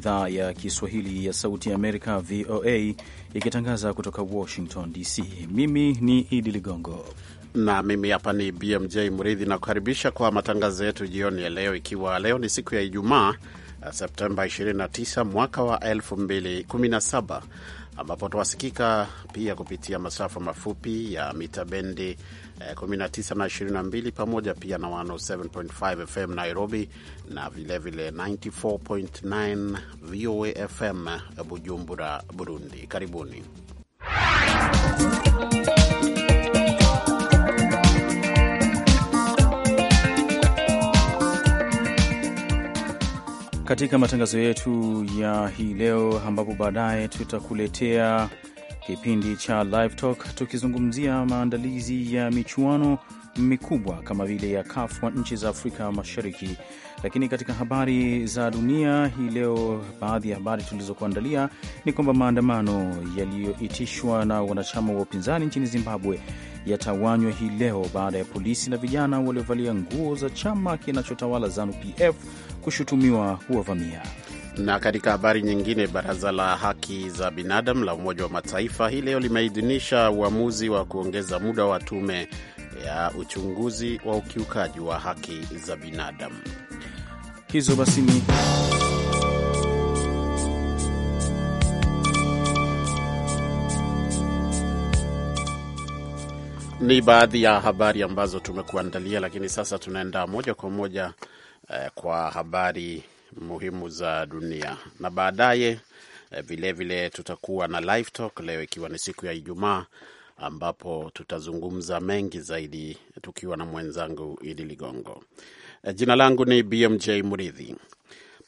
idhaa ya Kiswahili ya Sauti ya Amerika, VOA, ikitangaza kutoka Washington DC. Mimi ni Idi Ligongo na mimi hapa ni BMJ Mridhi, nakukaribisha kwa matangazo yetu jioni ya leo, ikiwa leo ni siku ya Ijumaa, Septemba 29 mwaka wa 2017 ambapo twasikika pia kupitia masafa mafupi ya mita bendi 19 eh, na 22 pamoja pia na 107.5 FM Nairobi na vilevile 94.9 VOA FM Bujumbura, Burundi. Karibuni katika matangazo yetu ya hii leo, ambapo baadaye tutakuletea kipindi cha Live Talk tukizungumzia maandalizi ya michuano mikubwa kama vile ya CAF wa nchi za Afrika Mashariki. Lakini katika habari za dunia hii leo, baadhi ya habari tulizokuandalia ni kwamba maandamano yaliyoitishwa na wanachama wa upinzani nchini Zimbabwe yatawanywa hii leo baada ya polisi na vijana waliovalia nguo za chama kinachotawala ZANU PF kushutumiwa kuwavamia. Na katika habari nyingine, baraza la haki za binadamu la Umoja wa Mataifa hii leo limeidhinisha uamuzi wa kuongeza muda wa tume ya uchunguzi wa ukiukaji wa haki za binadamu. Hizo basi ni ni baadhi ya habari ambazo tumekuandalia, lakini sasa tunaenda moja kwa moja Eh, kwa habari muhimu za dunia na baadaye vilevile eh, tutakuwa na live talk leo, ikiwa ni siku ya Ijumaa ambapo tutazungumza mengi zaidi tukiwa na mwenzangu Idi Ligongo. Eh, jina langu ni BMJ Muridhi.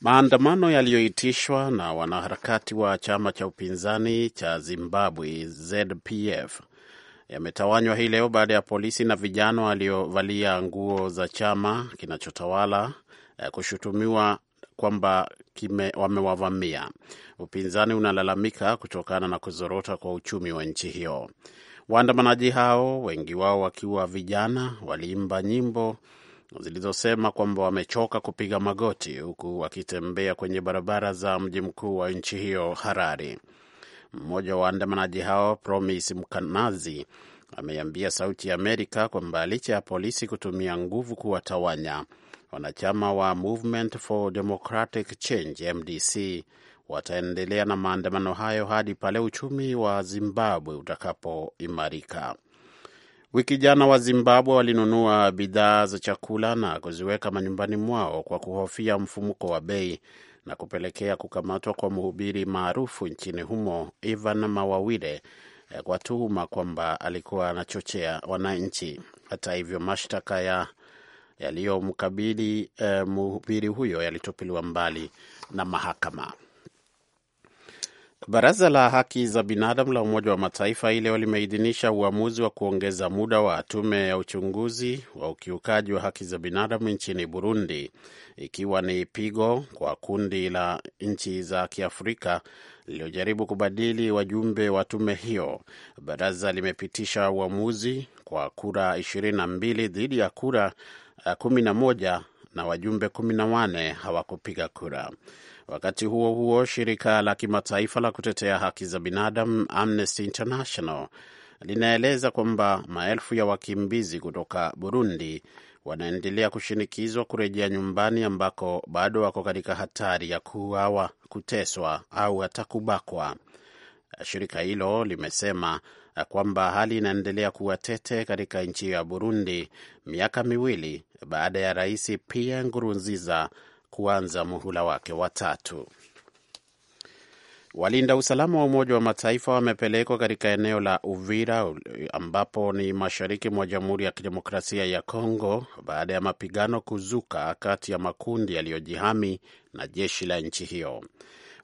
Maandamano yaliyoitishwa na wanaharakati wa chama cha upinzani cha Zimbabwe ZPF yametawanywa hii leo baada ya polisi na vijana waliovalia nguo za chama kinachotawala Eh, kushutumiwa kwamba wamewavamia. Upinzani unalalamika kutokana na kuzorota kwa uchumi wa nchi hiyo. Waandamanaji hao, wengi wao wakiwa vijana, waliimba nyimbo zilizosema kwamba wamechoka kupiga magoti, huku wakitembea kwenye barabara za mji mkuu wa nchi hiyo Harare. Mmoja wa waandamanaji hao Promise Mkanazi ameambia Sauti ya Amerika kwamba licha ya polisi kutumia nguvu kuwatawanya wanachama wa Movement for Democratic Change MDC wataendelea na maandamano hayo hadi pale uchumi wa Zimbabwe utakapoimarika. Wiki jana wa Zimbabwe walinunua bidhaa za chakula na kuziweka manyumbani mwao kwa kuhofia mfumuko wa bei na kupelekea kukamatwa kwa mhubiri maarufu nchini humo Ivan Mawawire kwa tuhuma kwamba alikuwa anachochea wananchi. Hata hivyo, mashtaka ya yaliyomkabili eh, mhubiri huyo yalitupiliwa mbali na mahakama. Baraza la haki za binadamu la Umoja wa Mataifa ileo limeidhinisha uamuzi wa kuongeza muda wa tume ya uchunguzi wa ukiukaji wa haki za binadamu nchini Burundi, ikiwa ni pigo kwa kundi la nchi za Kiafrika lililojaribu kubadili wajumbe wa tume hiyo. Baraza limepitisha uamuzi kwa kura ishirini na mbili dhidi ya kura Eh, kumi na moja na wajumbe kumi na wane hawakupiga kura. Wakati huo huo, shirika la kimataifa la kutetea haki za binadamu Amnesty International linaeleza kwamba maelfu ya wakimbizi kutoka Burundi wanaendelea kushinikizwa kurejea nyumbani ambako bado wako katika hatari ya kuuawa, kuteswa au hata kubakwa. Eh, shirika hilo limesema kwamba hali inaendelea kuwa tete katika nchi ya Burundi miaka miwili baada ya Rais Pierre Nkurunziza kuanza muhula wake wa tatu. Walinda usalama wa Umoja wa Mataifa wamepelekwa katika eneo la Uvira ambapo ni mashariki mwa Jamhuri ya Kidemokrasia ya Kongo baada ya mapigano kuzuka kati ya makundi yaliyojihami na jeshi la nchi hiyo.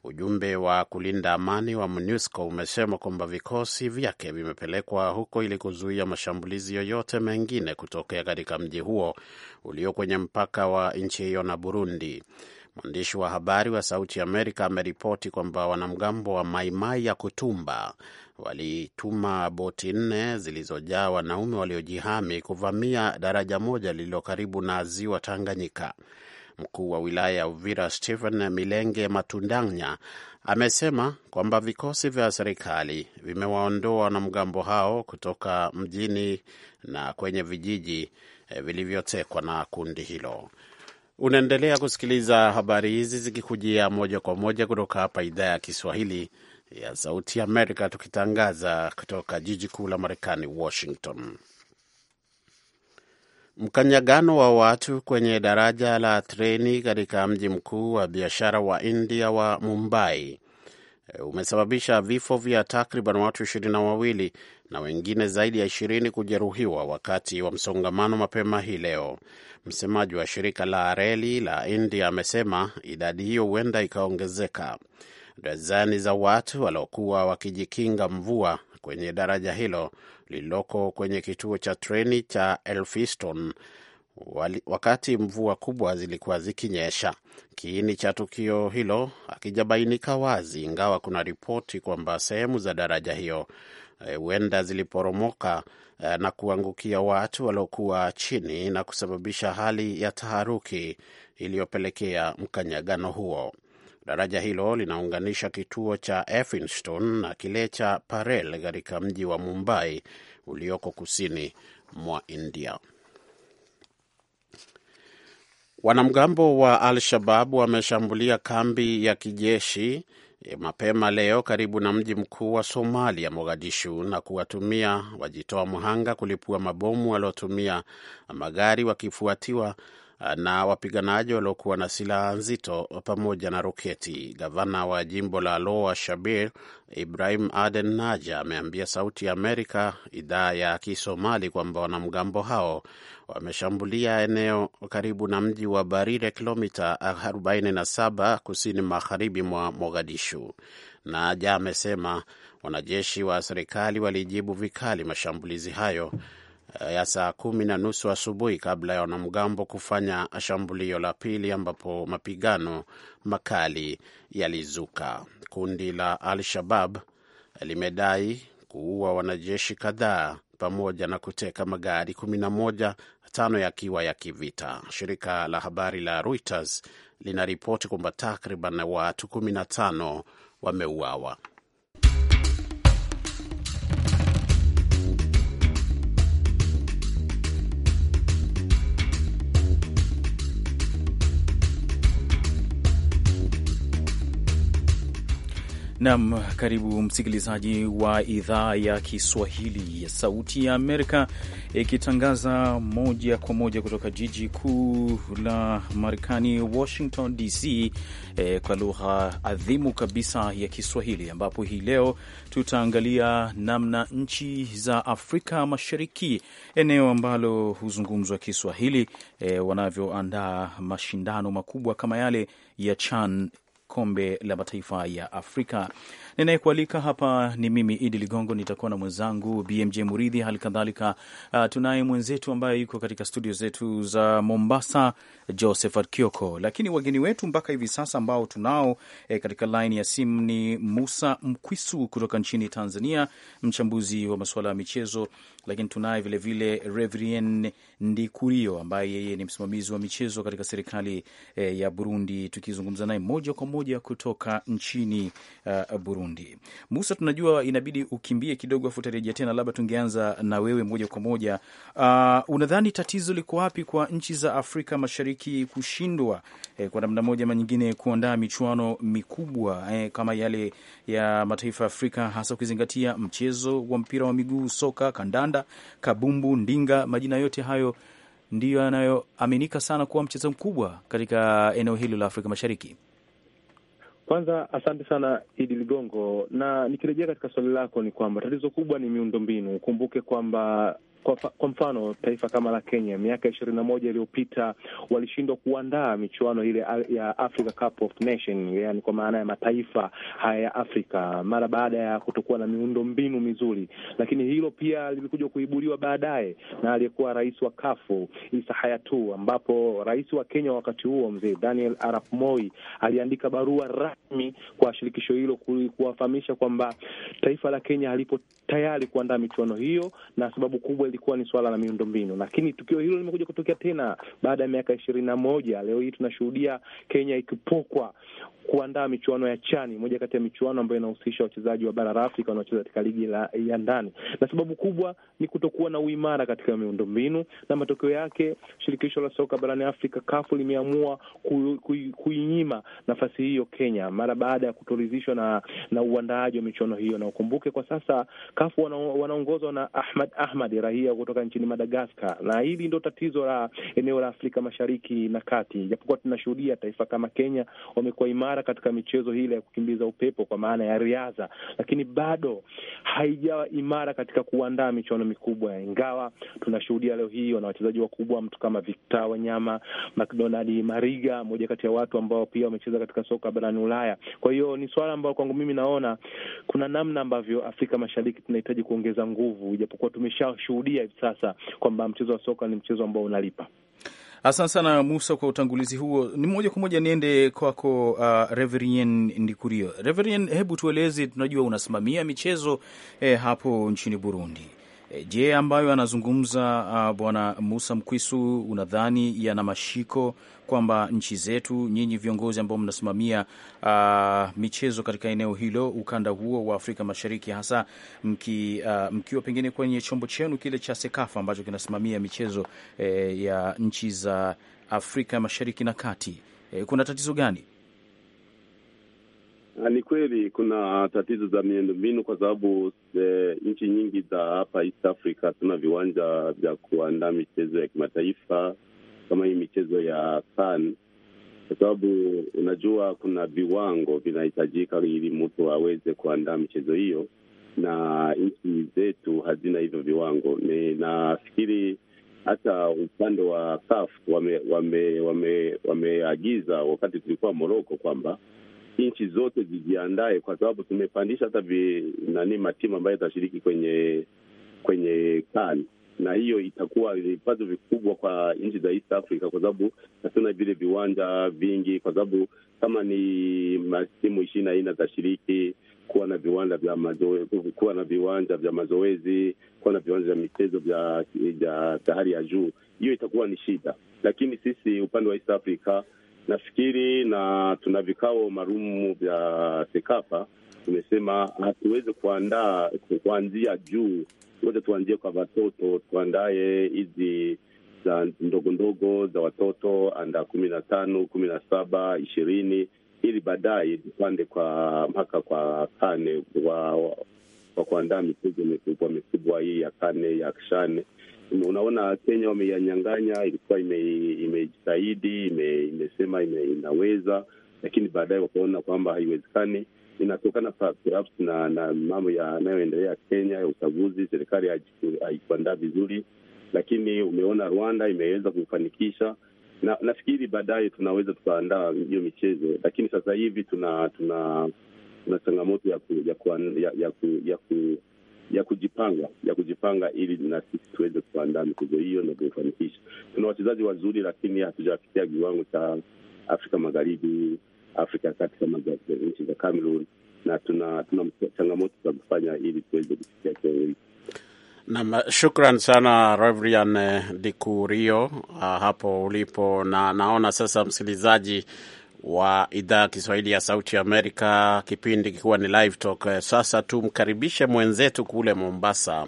Ujumbe wa kulinda amani wa MONUSCO umesema kwamba vikosi vyake vimepelekwa huko ili kuzuia mashambulizi yoyote mengine kutokea katika mji huo ulio kwenye mpaka wa nchi hiyo na Burundi. Mwandishi wa habari wa Sauti Amerika ameripoti kwamba wanamgambo wa Maimai ya Kutumba walituma boti nne zilizojaa wanaume waliojihami kuvamia daraja moja lililo karibu na ziwa Tanganyika. Mkuu wa wilaya ya Uvira Stephen Milenge Matundanya amesema kwamba vikosi vya serikali vimewaondoa wanamgambo hao kutoka mjini na kwenye vijiji eh, vilivyotekwa na kundi hilo. Unaendelea kusikiliza habari hizi zikikujia moja kwa moja kutoka hapa idhaa ya Kiswahili ya Sauti ya Amerika, tukitangaza kutoka jiji kuu la Marekani, Washington. Mkanyagano wa watu kwenye daraja la treni katika mji mkuu wa biashara wa India wa Mumbai eh, umesababisha vifo vya takriban watu ishirini na wawili na wengine zaidi ya ishirini kujeruhiwa wakati wa msongamano mapema hii leo. Msemaji wa shirika la reli la India amesema idadi hiyo huenda ikaongezeka. Dazani za watu waliokuwa wakijikinga mvua kwenye daraja hilo lililoko kwenye kituo cha treni cha Elphiston wakati mvua kubwa zilikuwa zikinyesha. Kiini cha tukio hilo hakijabainika wazi, ingawa kuna ripoti kwamba sehemu za daraja hiyo eh, huenda ziliporomoka eh, na kuangukia watu waliokuwa chini na kusababisha hali ya taharuki iliyopelekea mkanyagano huo. Daraja hilo linaunganisha kituo cha efinston na kile cha Parel katika mji wa Mumbai ulioko kusini mwa India. Wanamgambo wa Al-Shabab wameshambulia kambi ya kijeshi eh, mapema leo karibu na mji mkuu wa Somalia, Mogadishu, na kuwatumia wajitoa mhanga kulipua mabomu waliotumia magari wakifuatiwa na wapiganaji waliokuwa na silaha nzito pamoja na roketi. Gavana wa jimbo la Loa shabir Ibrahim Aden Naja ameambia Sauti ya Amerika idhaa ya Kisomali kwamba wanamgambo hao wameshambulia eneo karibu na mji wa Barire, kilomita 47 kusini magharibi mwa Mogadishu. Naja amesema wanajeshi wa serikali walijibu vikali mashambulizi hayo Eh, ya saa kumi na nusu asubuhi kabla ya wanamgambo kufanya shambulio la pili ambapo mapigano makali yalizuka. Kundi la Al-Shabab limedai kuua wanajeshi kadhaa pamoja na kuteka magari kumi na moja, tano yakiwa ya kivita. Shirika la habari la Reuters linaripoti kwamba takriban watu kumi na tano wameuawa. Nam, karibu msikilizaji wa idhaa ya Kiswahili ya Sauti ya Amerika ikitangaza moja kwa moja kutoka jiji kuu la Marekani, Washington DC, e, kwa lugha adhimu kabisa ya Kiswahili, ambapo hii leo tutaangalia namna nchi za Afrika Mashariki, eneo ambalo huzungumzwa Kiswahili, e, wanavyoandaa mashindano makubwa kama yale ya CHAN kombe la mataifa ya Afrika Ninayekualika hapa ni mimi Idi Ligongo, nitakuwa na mwenzangu BMJ Muridhi, hali kadhalika uh, tunaye mwenzetu ambaye yuko katika studio zetu za Mombasa, Josephat Kioko. Lakini wageni wetu mpaka hivi sasa ambao tunao eh, katika laini ya simu ni Musa Mkwisu kutoka nchini Tanzania, mchambuzi wa masuala ya michezo, lakini tunaye vilevile Reverien Ndikurio ambaye yeye ni msimamizi wa michezo katika serikali eh, ya Burundi, tukizungumza naye moja kwa moja kutoka nchini uh, Burundi. Burundi. Musa, tunajua inabidi ukimbie kidogo, afu utarejea tena, labda tungeanza na wewe moja kwa moja. Uh, unadhani tatizo liko wapi kwa nchi za Afrika Mashariki kushindwa eh, kwa namna moja ama nyingine kuandaa michuano mikubwa eh, kama yale ya mataifa ya Afrika, hasa ukizingatia mchezo wa mpira wa miguu, soka, kandanda, kabumbu, ndinga, majina yote hayo ndiyo yanayoaminika sana kuwa mchezo mkubwa katika eneo hilo la Afrika Mashariki. Kwanza asante sana Idi Ligongo, na nikirejea katika swali lako, ni kwamba tatizo kubwa ni miundombinu. Ukumbuke kwamba kwa, kwa mfano taifa kama la Kenya miaka ishirini na moja iliyopita walishindwa kuandaa michuano ile ya Africa Cup of Nation, yani kwa maana ya mataifa haya ya Afrika mara baada ya kutokuwa na miundo mbinu mizuri, lakini hilo pia lilikuja kuibuliwa baadaye na aliyekuwa rais wa kafu Isa Hayatu, ambapo rais wa Kenya wakati huo mzee Daniel Arap Moi aliandika barua rasmi kwa shirikisho hilo kuwafahamisha kwamba taifa la Kenya halipo tayari kuandaa michuano hiyo na sababu kubwa lilikuwa ni swala la miundombinu, lakini tukio hilo limekuja kutokea tena baada ya miaka ishirini na moja. Leo hii tunashuhudia Kenya ikipokwa kuandaa michuano ya Chani, moja kati ya michuano ambayo inahusisha wachezaji wa bara la Afrika wanaocheza katika ligi ya ndani, na sababu kubwa ni kutokuwa na uimara katika miundombinu, na matokeo yake shirikisho la soka barani Afrika kafu limeamua kuinyima nafasi hiyo Kenya mara baada ya kutoridhishwa na na uandaaji wa michuano hiyo. Na ukumbuke kwa sasa kafu wanaongozwa na Ahmad Ahmad, rais raia kutoka nchini Madagaskar, na hili ndo tatizo la eneo la Afrika Mashariki na Kati. Japokuwa tunashuhudia taifa kama Kenya wamekuwa imara katika michezo hile ya kukimbiza upepo kwa maana ya riadha, lakini bado haijawa imara katika kuandaa michuano mikubwa, ingawa tunashuhudia leo hii wana wachezaji wakubwa, mtu kama Victor Wanyama, McDonald Mariga, moja kati ya watu ambao pia wamecheza katika soka barani Ulaya. Kwa hiyo ni swala ambalo kwangu mimi naona kuna namna ambavyo Afrika Mashariki tunahitaji kuongeza nguvu, ijapokuwa tumeshashuhudia tunashuhudia hivi sasa kwamba mchezo wa soka ni mchezo ambao unalipa. Asante sana Musa kwa utangulizi huo. Ni moja kwa moja niende kwako, uh, Reverien Ndikurio. Reverien, hebu tueleze, tunajua unasimamia michezo eh, hapo nchini Burundi. Eh, je, ambayo anazungumza uh, Bwana Musa Mkwisu, unadhani yana mashiko kwamba nchi zetu, nyinyi viongozi ambao mnasimamia uh, michezo katika eneo hilo, ukanda huo wa Afrika Mashariki, hasa mki, uh, mkiwa pengine kwenye chombo chenu kile cha SEKAFA ambacho kinasimamia michezo eh, ya nchi za Afrika Mashariki na Kati, eh, kuna tatizo gani? Ni kweli kuna tatizo za miundombinu kwa sababu e, nchi nyingi za hapa East Africa hatuna viwanja vya kuandaa michezo ya kimataifa kama hii michezo ya CHAN, kwa sababu unajua kuna viwango vinahitajika ili mtu aweze kuandaa michezo hiyo, na nchi zetu hazina hivyo viwango. Ninafikiri hata upande wa CAF wameagiza wame, wame wakati tulikuwa Moroko kwamba nchi zote zijiandae, kwa sababu tumepandisha hata nani matimu ambayo itashiriki kwenye kwenye kani na hiyo itakuwa vipato vikubwa kwa nchi za East Africa kwa sababu hatuna vile viwanja vingi, kwa sababu kama ni timu ishirini na nne zashiriki, kuwa na viwanja vya mazoezi, kuwa na viwanja vya mazoezi, kuwa na viwanja vya michezo vya vya hali ya juu, hiyo itakuwa ni shida. Lakini sisi upande wa East Africa nafikiri, na tuna vikao maalumu vya Sekafa, tumesema hatuweze kuandaa kuanzia juu, ngoja tuanzie kwa watoto, tuandaye hizi za ndogo ndogo za watoto anda kumi na tano kumi na saba ishirini ili baadaye tupande kwa mpaka kwa kane wa, wa kuandaa michezo mikubwa mikubwa hii ya kane ya kshane Unaona, Kenya wameyanyanganya ilikuwa imejitahidi ime imesema ime ime inaweza, lakini baadaye wakaona kwamba haiwezekani. Inatokana perhaps na, na mambo yanayoendelea Kenya ya uchaguzi, serikali haikuandaa vizuri, lakini umeona Rwanda imeweza kufanikisha na nafikiri baadaye tunaweza tukaandaa hiyo michezo, lakini sasa hivi tuna tuna tuna changamoto ya ku, ya, ku, ya, ya, ku, ya, ku, ya kujipanga ya kujipanga ili na sisi tuweze kuandaa michezo hiyo na kuifanikisha. Tuna wachezaji wazuri, lakini hatujafikia kiwango cha Afrika Magharibi, Afrika Kati, kama nchi za Cameroon, na tuna tuna changamoto za kufanya ili tuweze kufikia kiwango hiki Nam, shukran sana Reverend Dikurio ah, hapo ulipo, na naona sasa msikilizaji wa idhaa Kiswahili ya Sauti ya Amerika, kipindi kikiwa ni Live Talk. Eh, sasa tumkaribishe mwenzetu kule Mombasa,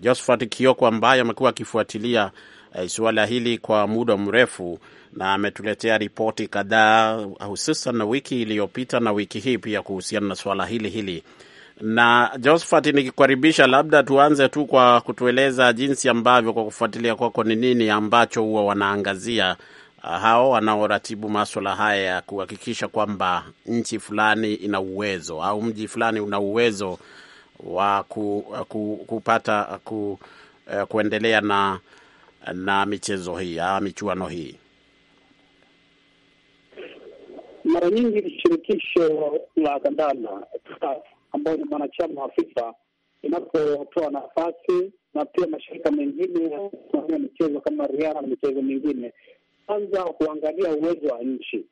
Josphat Kioko, ambaye amekuwa akifuatilia eh, suala hili kwa muda mrefu na ametuletea ripoti kadhaa, hususan na wiki iliyopita na wiki hii pia kuhusiana na suala hili hili. Na Josphat, nikikukaribisha, labda tuanze tu kwa kutueleza jinsi ambavyo, kwa kufuatilia kwako, ni nini ambacho huwa wanaangazia Ah, hao wanaoratibu maswala haya ya kuhakikisha kwamba nchi fulani ina uwezo au mji fulani una uwezo wa ku, ku, kupata ku, uh, kuendelea na na michezo hii au ah, michuano hii. Mara nyingi shirikisho la kandanda ambayo ni mwanachama wa FIFA inapotoa nafasi na pia mashirika mengine yanayosimamia michezo kama riadha na michezo mingine kwanza kuangalia uwezo wa nchi,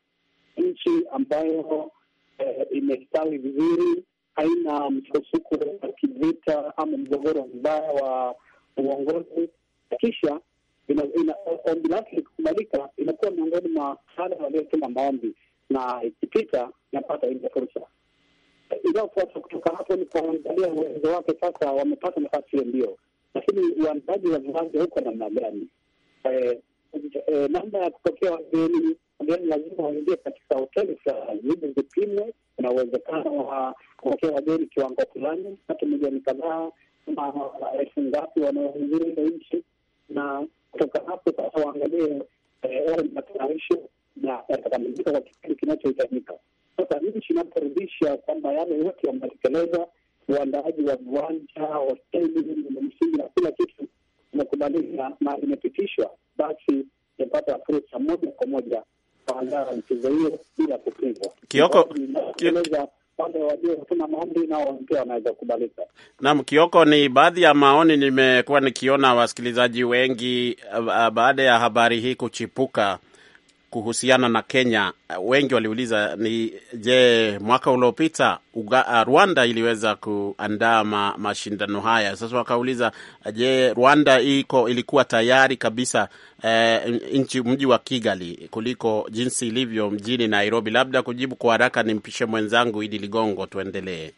nchi ambayo eh, imestawi vizuri, haina msukosuko wa kivita ama mgogoro mbaya wa uongozi, kisha ombi lake likikubalika inakuwa miongoni mwa wale waliotuma maombi, na ikipita inapata ile fursa inayofuata. Kutoka hapo ni kuangalia uwezo wake. Sasa wamepata nafasi hiyo, ndio, lakini uandaji wa viwanja huko namna gani? Eh, namna eh, ya kupokea wageni. Wageni lazima waingie katika hoteli fulani, hivi vipimwe. Kuna uwezekano wa kupokea wageni kiwango fulani, hata milioni kadhaa ama elfu ngapi wanaoingia ile nchi, na kutoka hapo sasa waangalie yale eh, matayarisho na yatakamilika kwa kipindi kinachohitajika. Sasa nchi inaporudisha kwamba yale yote wametekeleza, uandaaji wa viwanja, hoteli, msingi na kila kitu imekubalika na imepitishwa, basi imepata fursa moja kwa moja kwa hadhara michezo hiyo bila kupingwa. Kioko eleza Naam, Kioko, ni baadhi ya maoni nimekuwa nikiona wasikilizaji wengi uh, uh, baada ya habari hii kuchipuka kuhusiana na Kenya, wengi waliuliza ni je, mwaka uliopita uh, Rwanda iliweza kuandaa ma, mashindano haya. Sasa wakauliza je, Rwanda iko ilikuwa tayari kabisa eh, nchi mji wa Kigali kuliko jinsi ilivyo mjini Nairobi. Labda kujibu kwa haraka nimpishe mwenzangu Idi Ligongo, tuendelee.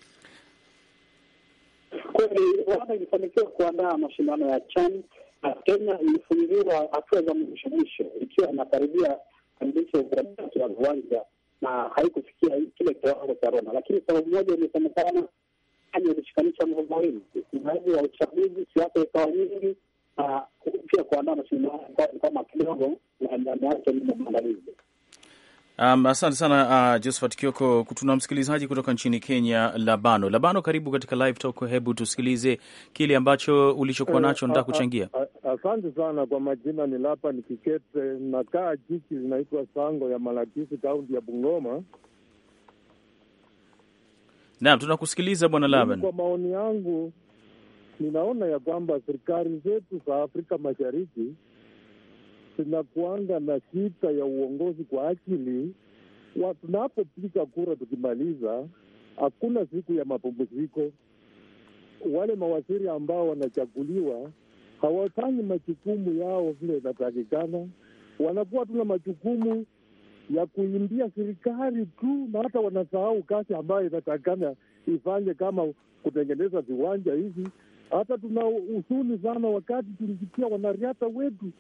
Kweli Rwanda ilifanikiwa kuandaa mashindano ya CHAN na Kenya ilifungiliwa hatua za mwisho mwisho ikiwa inakaribia kukamilisha ukarabati wa viwanja na haikufikia kile kiwango cha Roma, lakini sababu moja imesemekana ilishikanisha yaani mambo mawili, usimamizi wa uchaguzi, siasa ikawa nyingi, na pia kuandaa mashindano kama kidogo na ndani yake ni maandalizi. Um, asante sana uh, Josephat Kioko. Tuna msikilizaji kutoka nchini Kenya, Labano. Labano, karibu katika Live Talk. Hebu tusikilize kile ambacho ulichokuwa eh, nacho, nataka uh, uh, kuchangia uh, uh, uh. Asante sana kwa majina, ni Lapa ni Kikete, nakaa jiji linaitwa Sango ya Malakisi, kaunti ya Bungoma. Naam, tunakusikiliza bwana Laban. Kwa maoni yangu, ninaona ya kwamba serikali zetu za Afrika Mashariki zinakuanga na shita ya uongozi kwa ajili tunapopiga kura, tukimaliza hakuna siku ya mapumziko. Wale mawaziri ambao wanachaguliwa hawafanyi majukumu yao vile inatakikana. Wanakuwa tuna majukumu ya kuimbia serikali tu, na hata wanasahau kazi ambayo inatakikana ifanye kama kutengeneza viwanja hivi. Hata tuna huzuni sana wakati tulisikia wanariadha wetu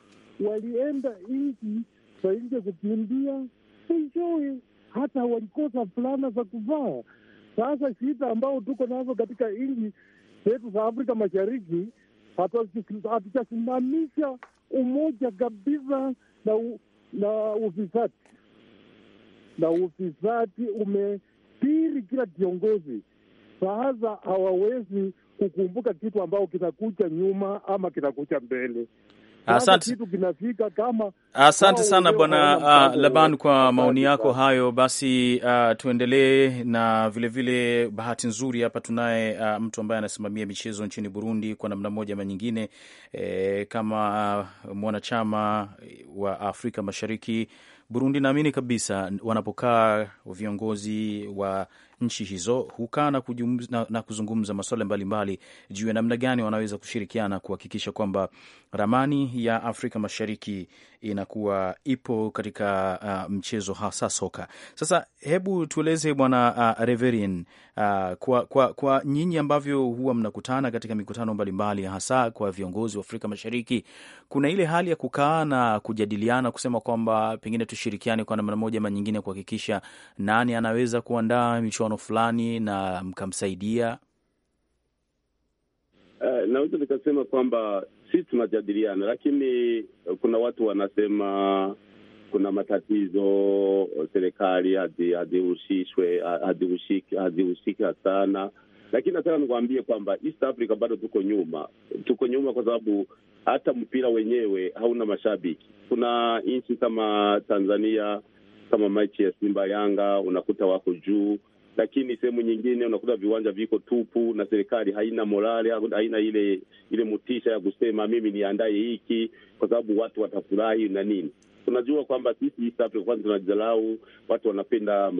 walienda nchi za nje kukimbia enjoy, hata walikosa fulana za kuvaa. Sasa shida ambao tuko nazo katika nchi zetu za Afrika Mashariki hatujasimamisha umoja kabisa na, u, na ufisadi na ufisadi umepiri kila kiongozi sasa hawawezi kukumbuka kitu ambao kinakuja nyuma ama kinakuja mbele. Asante, asante sana bwana uh, Laban kwa maoni yako hayo. Basi uh, tuendelee na vilevile vile, bahati nzuri hapa tunaye uh, mtu ambaye anasimamia michezo nchini Burundi kwa namna moja ama nyingine, eh, kama uh, mwanachama wa Afrika Mashariki Burundi, naamini kabisa wanapokaa viongozi wa nchi hizo hukaa na, na, na kuzungumza masuala mbalimbali juu ya namna gani wanaweza kushirikiana kuhakikisha kwamba ramani ya Afrika Mashariki inakuwa ipo katika uh, mchezo hasa soka. Sasa hebu tueleze bwana uh, Reverin uh, kwa, kwa, kwa nyinyi ambavyo huwa mnakutana katika mikutano mbalimbali mbali, hasa kwa viongozi wa Afrika Mashariki, kuna ile hali ya kukaa na kujadiliana kusema kwamba pengine tushirikiane kwa namna moja ama nyingine kuhakikisha nani anaweza kuandaa michuano mfano fulani na mkamsaidia? Uh, naweza nikasema kwamba sisi tunajadiliana, lakini kuna watu wanasema kuna matatizo serikali hazihusishwe hazihusika sana, lakini nataka nikuambie kwamba East Africa bado tuko nyuma, tuko nyuma kwa sababu hata mpira wenyewe hauna mashabiki. Kuna nchi kama Tanzania, kama mechi ya Simba Yanga unakuta wako juu lakini sehemu nyingine unakuta viwanja viko tupu na serikali haina morale, haina ile ile mutisha ya kusema mimi niandaye hiki kwa sababu watu watafurahi na nini. Tunajua kwamba sisi East Africa tunajizalau. Watu wanapenda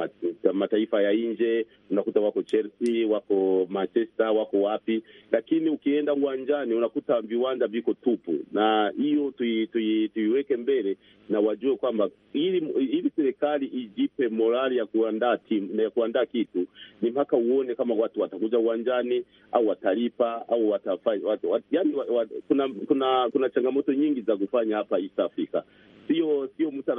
mataifa ya nje, unakuta wako Chelsea, wako Manchester, wako wapi, lakini ukienda uwanjani unakuta viwanja viko tupu, na hiyo tui, tui, tuiweke mbele na wajue kwamba ili serikali ijipe morali ya kuandaa timu na ya kuandaa kitu, ni mpaka uone kama watu watakuja uwanjani au watalipa au watafanya yani, kuna, kuna, kuna changamoto nyingi za kufanya hapa East Africa sio sio mtu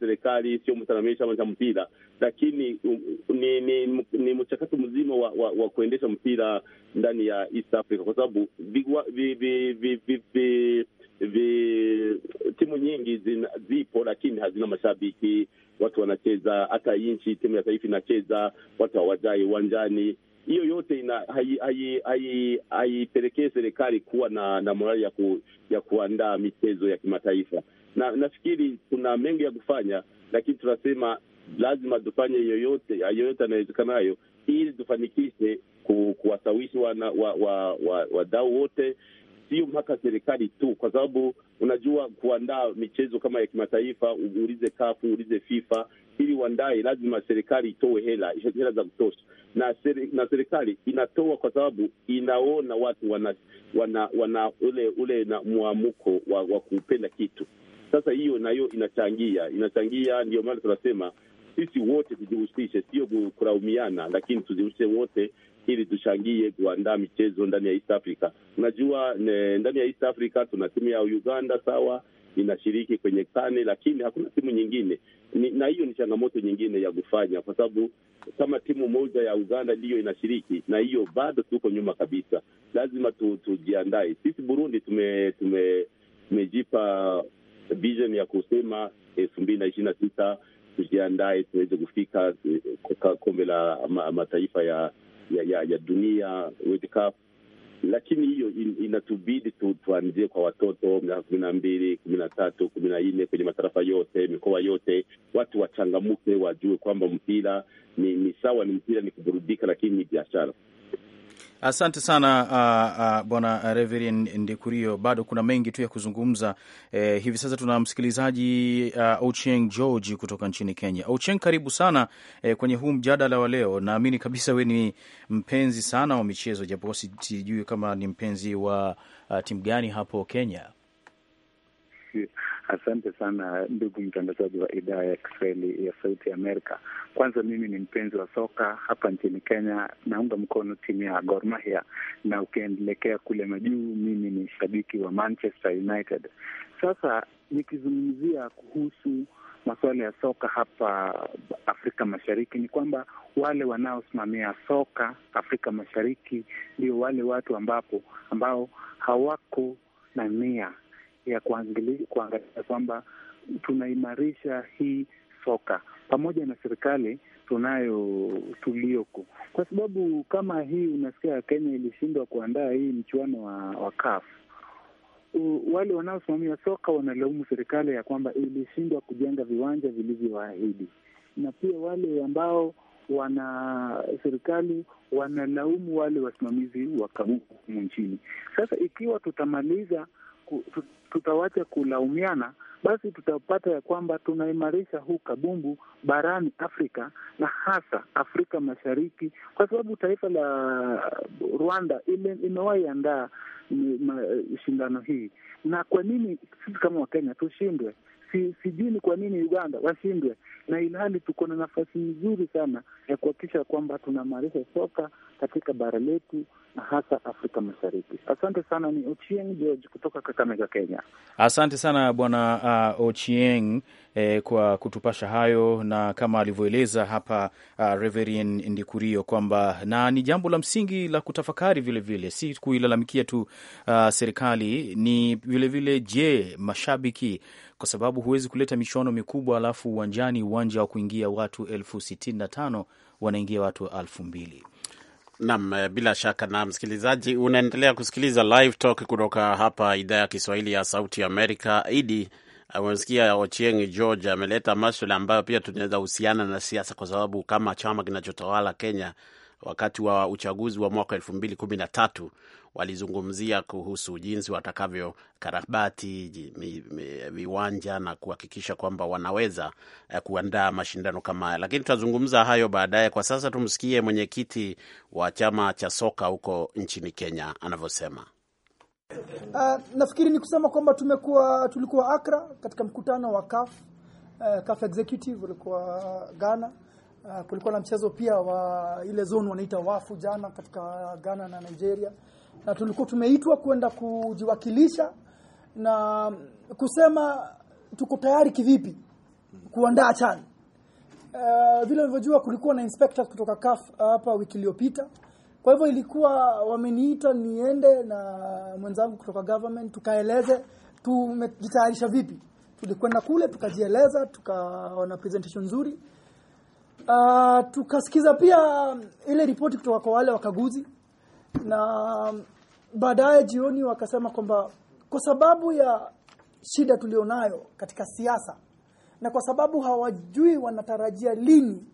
serikali, sio mtu chama cha mpira, lakini um, ni, ni, ni mchakato mzima wa, wa, wa kuendesha mpira ndani ya East Africa, kwa sababu timu nyingi zina, zipo lakini hazina mashabiki, watu wanacheza, hata nchi timu ya taifa inacheza, watu hawajai uwanjani hiyo yote ina haipelekee serikali kuwa na na morali ya, ku, ya kuandaa michezo ya kimataifa na nafikiri kuna mengi ya kufanya, lakini tunasema lazima tufanye yoyote yoyote anayowezekanayo ili tufanikishe ku, kuwasawishi wadau wa, wa, wa, wa wote, sio mpaka serikali tu, kwa sababu unajua kuandaa michezo kama ya kimataifa, uulize kafu uulize FIFA ili uandae, lazima serikali itoe hela hela za kutosha, na seri, na serikali inatoa kwa sababu inaona watu wana, wana, wana ule ule na mwamuko wa, wa kupenda kitu sasa hiyo nayo inachangia, inachangia. Ndio maana tunasema sisi wote tujihusishe, sio kulaumiana, lakini tujihusishe wote ili tuchangie kuandaa michezo ndani ya East Africa. Unajua ndani ya East Africa tuna timu ya Uganda sawa, inashiriki kwenye kane, lakini hakuna timu nyingine ni, na hiyo ni changamoto nyingine ya kufanya, kwa sababu kama timu moja ya Uganda ndiyo inashiriki, na hiyo bado tuko nyuma kabisa. Lazima tu, tujiandae sisi. Burundi tume tume tumejipa vision ya kusema elfu mbili na ishirini na tisa tujiandae tuweze kufika eh, eh, kombe la mataifa ya ya, ya, ya dunia World Cup, lakini hiyo inatubidi tu, tuanzie kwa watoto miaka kumi na mbili kumi na tatu kumi na nne kwenye matarafa yote mikoa yote, watu wachangamuke, wajue kwamba mpira ni, ni sawa, ni mpira ni kuburudika, lakini ni biashara. Asante sana uh, uh, bwana Reverend Ndekurio, bado kuna mengi tu ya kuzungumza eh. Hivi sasa tuna msikilizaji uh, Ocheng George kutoka nchini Kenya. Ocheng, karibu sana eh, kwenye huu mjadala wa leo. Naamini kabisa we ni mpenzi sana wa michezo, japo sijui kama ni mpenzi wa uh, timu gani hapo Kenya. Asante sana ndugu mtangazaji wa idhaa ya Kiswahili ya Sauti ya Amerika. Kwanza mimi ni mpenzi wa soka hapa nchini Kenya, naunga mkono timu ya Gor Mahia, na ukiendelekea kule majuu, mimi ni shabiki wa Manchester United. Sasa nikizungumzia kuhusu masuala ya soka hapa Afrika Mashariki ni kwamba wale wanaosimamia soka Afrika Mashariki ndio wale watu ambapo ambao hawako na nia ya kuangalia kwamba tunaimarisha hii soka pamoja na serikali tunayo tulioko, kwa sababu kama hii unasikia Kenya ilishindwa kuandaa hii mchuano wa, wa CAF. Wale wanaosimamia soka wanalaumu serikali ya kwamba ilishindwa kujenga viwanja vilivyoahidi, na pia wale ambao wana serikali wanalaumu wale wasimamizi wa kabuu humu nchini. Sasa ikiwa tutamaliza ku, tutawacha kulaumiana, basi tutapata ya kwamba tunaimarisha huu kabumbu barani Afrika na hasa Afrika Mashariki, kwa sababu taifa la Rwanda imewahi andaa shindano hii. Na kwa nini sisi kama Wakenya tushindwe? si, sijui ni kwa nini Uganda washindwe, na ilhali tuko na nafasi nzuri sana ya kuhakikisha kwamba tunaimarisha soka katika bara letu na hasa Afrika Mashariki. Asante sana. Ni Ochieng George kutoka Kakamega, Kenya. Asante sana bwana uh, Ochieng e, kwa kutupasha hayo, na kama alivyoeleza hapa uh, Reverend Ndikurio kwamba na ni jambo la msingi la kutafakari vilevile vile, si kuilalamikia tu uh, serikali ni vilevile vile, je, mashabiki kwa sababu huwezi kuleta michuano mikubwa alafu uwanjani uwanja wa kuingia watu elfu sitini na tano wanaingia watu elfu mbili Nam, eh, bila shaka na msikilizaji, unaendelea kusikiliza Live Talk kutoka hapa idhaa ya Kiswahili ya Sauti Amerika. Idi umesikia Ochieng George ameleta maswala ambayo pia tunaweza husiana na siasa, kwa sababu kama chama kinachotawala Kenya wakati wa uchaguzi wa mwaka elfu mbili kumi na tatu walizungumzia kuhusu jinsi watakavyo karabati viwanja na kuhakikisha kwamba wanaweza eh, kuandaa mashindano kama haya, lakini tutazungumza hayo baadaye. Kwa sasa tumsikie mwenyekiti wa chama cha soka huko nchini Kenya anavyosema. Uh, nafikiri ni kusema kwamba tumekuwa tulikuwa Accra katika mkutano wa CAF uh, CAF executive ulikuwa Ghana. Uh, kulikuwa na mchezo pia wa ile zone wanaita wafu jana katika Ghana na Nigeria, na tulikuwa tumeitwa kwenda kujiwakilisha na kusema tuko tayari kivipi kuandaa CHAN. Uh, eh, vile unavyojua kulikuwa na inspectors kutoka CAF hapa wiki iliyopita kwa hivyo ilikuwa wameniita niende na mwenzangu kutoka government tukaeleze tumejitayarisha vipi. Tulikwenda kule tukajieleza, tukaona presentation nzuri. Uh, tukasikiza pia ile ripoti kutoka kwa wale wakaguzi na baadaye jioni wakasema kwamba kwa sababu ya shida tulionayo katika siasa na kwa sababu hawajui wanatarajia lini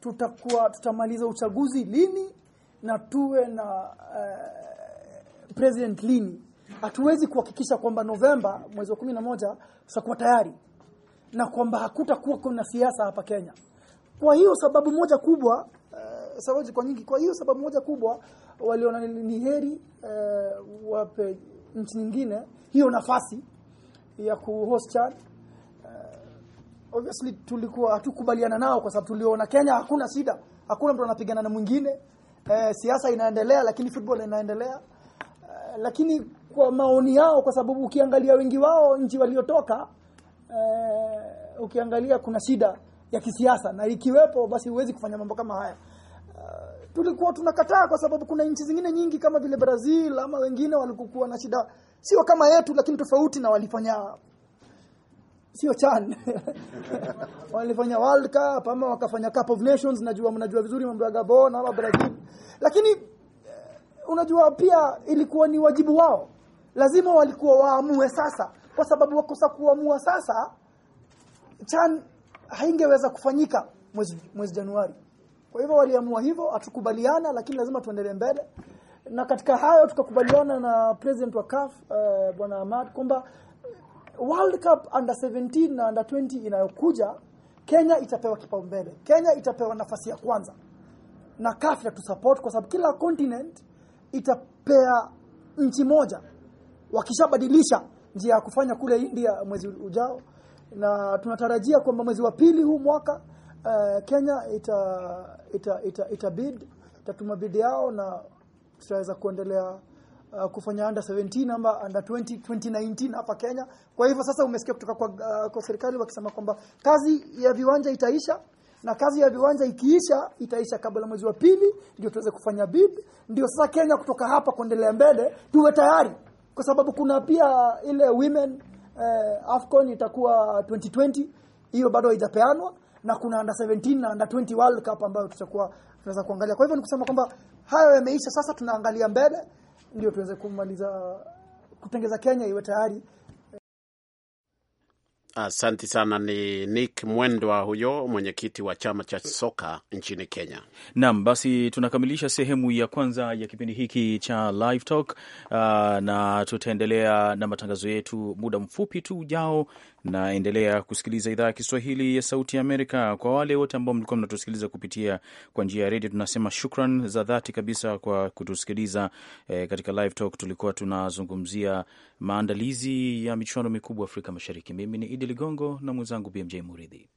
tutakuwa tutamaliza uchaguzi lini na tuwe na uh, president lini hatuwezi kuhakikisha kwamba Novemba mwezi wa kumi na moja tutakuwa tayari na kwamba hakutakuwa kuna siasa hapa Kenya. Kwa hiyo sababu moja kubwa uh, sababu kwa nyingi, kwa hiyo sababu moja kubwa waliona ni heri uh, wape nchi nyingine hiyo nafasi ya kuhost Chad. Uh, obviously tulikuwa hatukubaliana nao kwa sababu tuliona Kenya hakuna shida, hakuna mtu anapigana na mwingine eh, siasa inaendelea lakini football inaendelea eh, lakini kwa maoni yao kwa sababu ukiangalia wengi wao nchi waliotoka eh, ukiangalia kuna shida ya kisiasa na ikiwepo basi huwezi kufanya mambo kama haya eh, tulikuwa tunakataa kwa sababu kuna nchi zingine nyingi kama vile Brazil ama wengine walikokuwa na shida sio kama yetu lakini tofauti na walifanya sio chan walifanya world cup ama wakafanya cup of nations najua mnajua vizuri mambo ya Gabon ama Brazil lakini eh, unajua pia ilikuwa ni wajibu wao lazima walikuwa waamue sasa kwa sababu wakosa kuamua sasa chan haingeweza kufanyika mwezi mwezi Januari kwa hivyo waliamua hivyo atukubaliana lakini lazima tuendelee mbele na katika hayo tukakubaliana na president wa CAF uh, eh, bwana Ahmad kwamba World Cup under 17 na under 20 inayokuja Kenya itapewa kipaumbele. Kenya itapewa nafasi ya kwanza. Na CAF tu support kwa sababu kila continent itapea nchi moja. Wakishabadilisha njia ya kufanya kule India mwezi ujao na tunatarajia kwamba mwezi wa pili huu mwaka uh, Kenya ita ita ita, ita bid itatuma bid yao na tutaweza kuendelea uh, kufanya under 17 ama under 20 2019 hapa Kenya kwa hivyo sasa umesikia kutoka kwa, uh, kwa serikali wakisema kwamba kazi ya viwanja itaisha na kazi ya viwanja ikiisha itaisha kabla mwezi wa pili ndio tuweze kufanya bid ndio sasa Kenya kutoka hapa kuendelea mbele tuwe tayari kwa sababu kuna pia ile women eh, Afcon itakuwa 2020 hiyo bado haijapeanwa na kuna under 17 na under 20 World Cup ambayo tutakuwa tunaweza kuangalia. Kwa hivyo ni kusema kwamba hayo yameisha sasa tunaangalia mbele ndio tuweze kumaliza kutengeza Kenya iwe tayari Asante sana. Ni Nick Mwendwa huyo mwenyekiti wa chama cha soka nchini Kenya. Naam, basi tunakamilisha sehemu ya kwanza ya kipindi hiki cha Live Talk uh, na tutaendelea na matangazo yetu muda mfupi tu ujao naendelea kusikiliza idhaa ya Kiswahili ya Sauti ya Amerika. Kwa wale wote ambao mlikuwa mnatusikiliza kupitia kwa njia ya redio, tunasema shukran za dhati kabisa kwa kutusikiliza. E, katika live talk tulikuwa tunazungumzia maandalizi ya michuano mikubwa Afrika Mashariki. Mimi ni Idi Ligongo na mwenzangu BMJ Muridhi.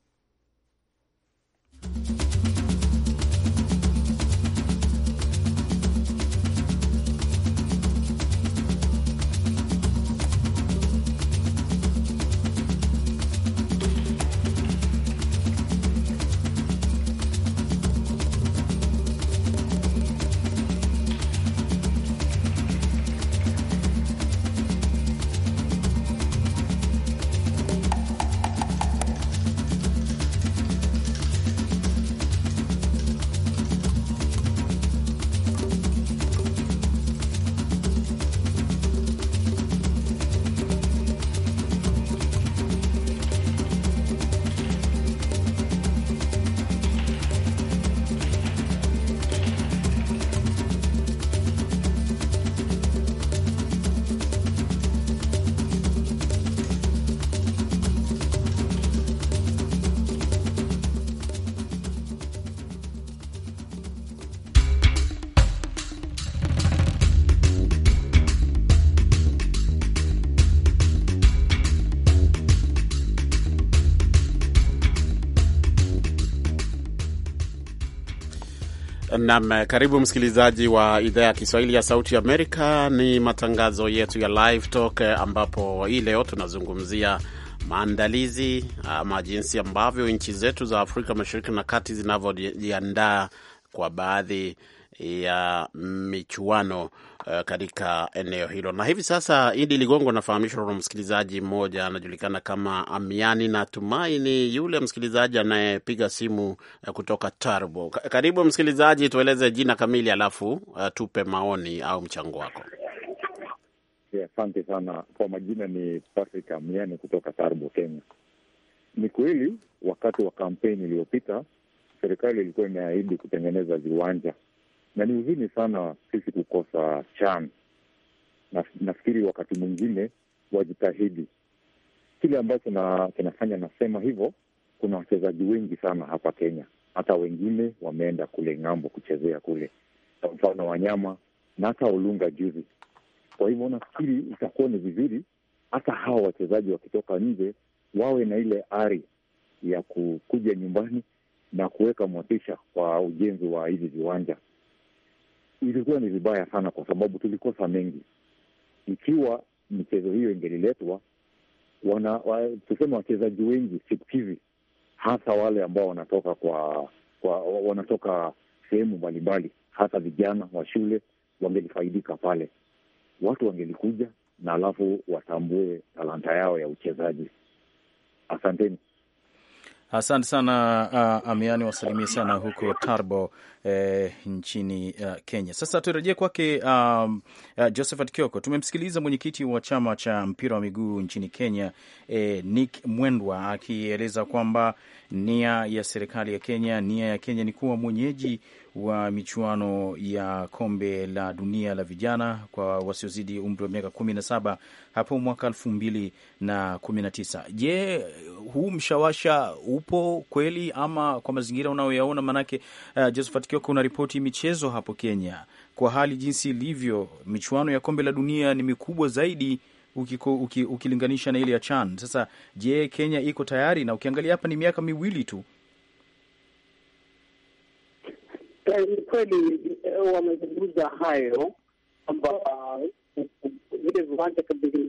Nam, karibu msikilizaji wa idhaa ya Kiswahili ya Sauti Amerika. Ni matangazo yetu ya Live Talk, ambapo hii leo tunazungumzia maandalizi ama jinsi ambavyo nchi zetu za Afrika Mashariki na Kati zinavyojiandaa kwa baadhi ya michuano Eh, katika eneo hilo. Na hivi sasa Idi Ligongo nafahamishwa na msikilizaji mmoja anajulikana kama Amiani na ni yule msikilizaji anayepiga simu eh, kutoka Tarbo. Karibu msikilizaji, tueleze jina kamili alafu uh, tupe maoni au mchango wako. Asante yeah, sana kwa majina. Ni Patrick Amiani kutoka Tarbo, Kenya. Ni kweli wakati wa kampeni iliyopita serikali ilikuwa imeahidi kutengeneza viwanja na ni uzini sana sisi kukosa chan Na nafikiri wakati mwingine wajitahidi kile ambacho na kinafanya nasema hivyo, kuna wachezaji wengi sana hapa Kenya, hata wengine wameenda kule ng'ambo kuchezea kule, kwa mfano Wanyama na hata ulunga juzi. Kwa hivyo nafikiri itakuwa ni vizuri hata hawa wachezaji wakitoka nje wawe na ile ari ya kukuja nyumbani na kuweka mwatisha kwa ujenzi wa hivi viwanja ilikuwa ni vibaya sana, kwa sababu tulikosa mengi. Ikiwa michezo hiyo ingeliletwa, wana wa, tuseme wachezaji wengi fiktivi, hasa wale ambao wanatoka kwa, kwa wanatoka sehemu mbalimbali, hasa vijana wa shule wangelifaidika pale, watu wangelikuja na alafu watambue talanta yao ya uchezaji. Asanteni. Asante sana uh, Amiani, wasalimie sana huko Tarbo eh, nchini uh, Kenya. Sasa turejee kwake um, uh, Josephat Kioko. Tumemsikiliza mwenyekiti wa chama cha mpira wa miguu nchini Kenya eh, Nick Mwendwa akieleza kwamba nia ya serikali ya Kenya, nia ya Kenya ni kuwa mwenyeji wa michuano ya kombe la dunia la vijana kwa wasiozidi umri wa miaka kumi na saba hapo mwaka elfu mbili na kumi na tisa. Je, huu mshawasha upo kweli ama kwa mazingira unayoyaona? Maanake uh, Josephat Kioko, unaripoti michezo hapo Kenya. Kwa hali jinsi ilivyo, michuano ya kombe la dunia ni mikubwa zaidi ukiko, uki, ukilinganisha na ile ya CHAN. Sasa je, Kenya iko tayari? Na ukiangalia hapa ni miaka miwili tu eh, kweli eh, wamezungumza hayo kwamba uh, vile viwanja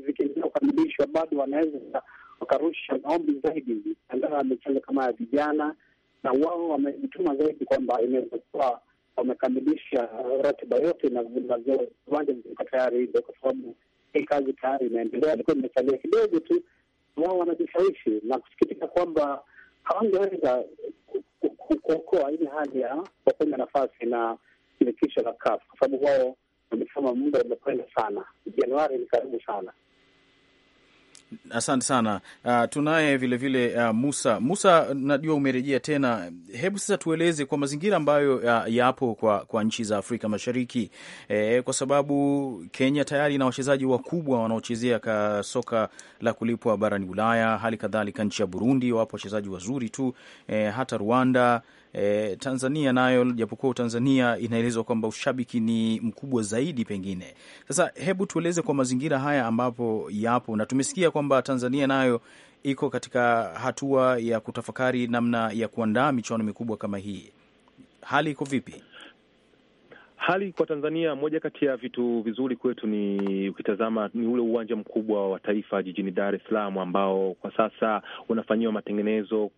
vikamilishwa, bado wanaweza wakarusha maombi zaidi, andaa michezo kama ya vijana na wao wamejituma zaidi kwamba imekuwa wamekamilisha ratiba yote na viwanja viko tayari hivyo, kwa sababu hii kazi tayari inaendelea, ilikuwa imesalia kidogo tu. Wao wanajishawishi na kusikitika kwamba hawangeweza kuokoa ile hali ya kuwakwenya nafasi na shirikisho la CAF kwa sababu wao wamesema muda umekwenda sana, Januari ni karibu sana. Asante sana. Uh, tunaye vilevile uh, ah, Musa Musa, najua umerejea tena. Hebu sasa tueleze kwa mazingira ambayo uh, yapo kwa, kwa nchi za Afrika Mashariki eh, kwa sababu Kenya tayari ina wachezaji wakubwa wanaochezea ka soka la kulipwa barani Ulaya, hali kadhalika nchi ya Burundi wapo wachezaji wazuri tu eh, hata Rwanda e, Tanzania nayo japokuwa Tanzania inaelezwa kwamba ushabiki ni mkubwa zaidi pengine. Sasa hebu tueleze kwa mazingira haya ambapo yapo, na tumesikia kwamba Tanzania nayo iko katika hatua ya kutafakari namna ya kuandaa michuano mikubwa kama hii, hali iko vipi? Hali kwa Tanzania, moja kati ya vitu vizuri kwetu ni ukitazama, ni ule uwanja mkubwa wa taifa jijini Dar es Salaam ambao kwa sasa unafanyiwa matengenezo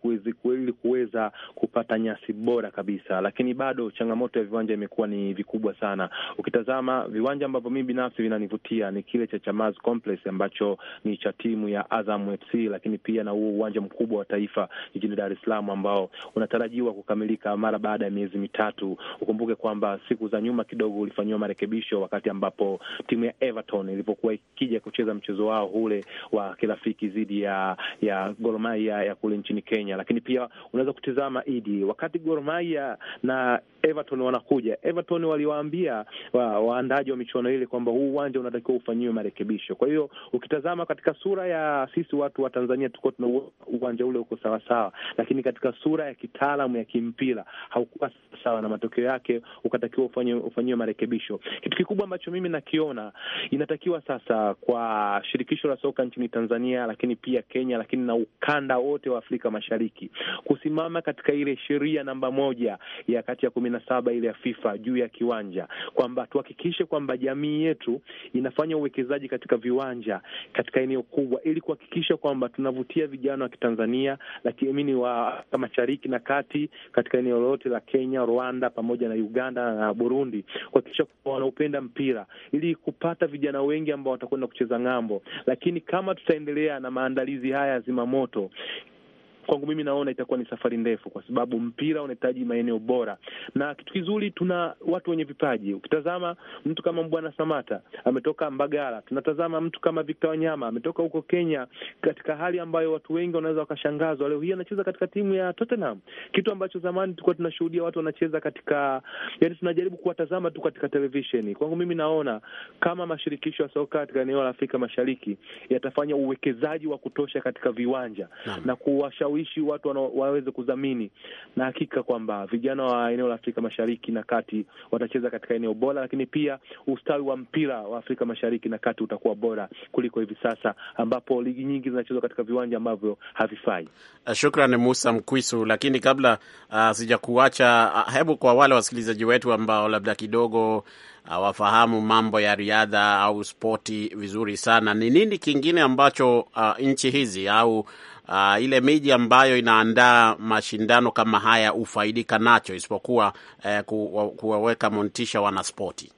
ili kuweza kupata nyasi bora kabisa, lakini bado changamoto ya viwanja imekuwa ni vikubwa sana. Ukitazama viwanja ambavyo mimi binafsi vinanivutia ni kile cha Chamazi Complex ambacho ni cha timu ya Azam FC, lakini pia na huo uwanja mkubwa wa taifa jijini Dar es Salaam ambao unatarajiwa kukamilika mara baada ya miezi mitatu. Ukumbuke kwamba siku za nyuma kidogo ulifanyiwa marekebisho wakati ambapo timu ya Everton ilipokuwa ikija kucheza mchezo wao ule wa kirafiki dhidi ya ya Gor Mahia ya kule nchini Kenya. Lakini pia unaweza kutizama idi wakati Gor Mahia na Everton wanakuja, Everton waliwaambia waandaji wa, michuano ile kwamba huu uwanja unatakiwa ufanyiwe marekebisho. Kwa hiyo ukitazama katika sura ya sisi watu wa Tanzania tuko tuna uwanja ule uko sawasawa, lakini katika sura ya kitaalamu ya kimpira haukuwa sawa, na matokeo yake ukatakiwa ufanye ufanyiwe marekebisho. Kitu kikubwa ambacho mimi nakiona inatakiwa sasa kwa shirikisho la soka nchini Tanzania, lakini pia Kenya, lakini na ukanda wote wa Afrika Mashariki kusimama katika ile sheria namba moja ya kati ya kumi na saba ile ya FIFA juu ya kiwanja, kwamba tuhakikishe kwamba jamii yetu inafanya uwekezaji katika viwanja katika eneo kubwa, ili kuhakikisha kwamba tunavutia vijana wa Kitanzania lakini wa Afrika Mashariki na kati katika eneo lote la Kenya, Rwanda pamoja na Uganda na Burundi makundi kuhakikisha wanaupenda mpira ili kupata vijana wengi ambao watakwenda kucheza ng'ambo. Lakini kama tutaendelea na maandalizi haya ya zimamoto, kwangu mimi naona itakuwa ni safari ndefu, kwa sababu mpira unahitaji maeneo bora, na kitu kizuri, tuna watu wenye vipaji. Ukitazama mtu kama Mbwana Samata ametoka Mbagala, tunatazama mtu kama Victor Wanyama ametoka huko Kenya, katika hali ambayo watu wengi wanaweza wakashangazwa. Leo hii anacheza katika timu ya Tottenham, kitu ambacho zamani tulikuwa tunashuhudia watu wanacheza katika, yani tunajaribu kuwatazama tu katika televisheni. Kwangu mimi naona kama mashirikisho ya soka katika eneo la Afrika Mashariki yatafanya uwekezaji wa kutosha katika viwanja na, na kuwashauri wanaoishi watu waweze kudhamini, na hakika kwamba vijana wa eneo la Afrika Mashariki na Kati watacheza katika eneo bora, lakini pia ustawi wa mpira wa Afrika Mashariki na Kati utakuwa bora kuliko hivi sasa ambapo ligi nyingi zinachezwa katika viwanja ambavyo havifai. Eh, shukran Musa Mkwisu, lakini kabla uh, sijakuacha uh, hebu kwa wale wasikilizaji wetu ambao labda kidogo hawafahamu ah, uh, mambo ya riadha au spoti vizuri sana, ni nini kingine ambacho uh, nchi hizi au uh, ile miji ambayo inaandaa mashindano kama haya hufaidika nacho, isipokuwa uh, kuwaweka montisha wanaspoti.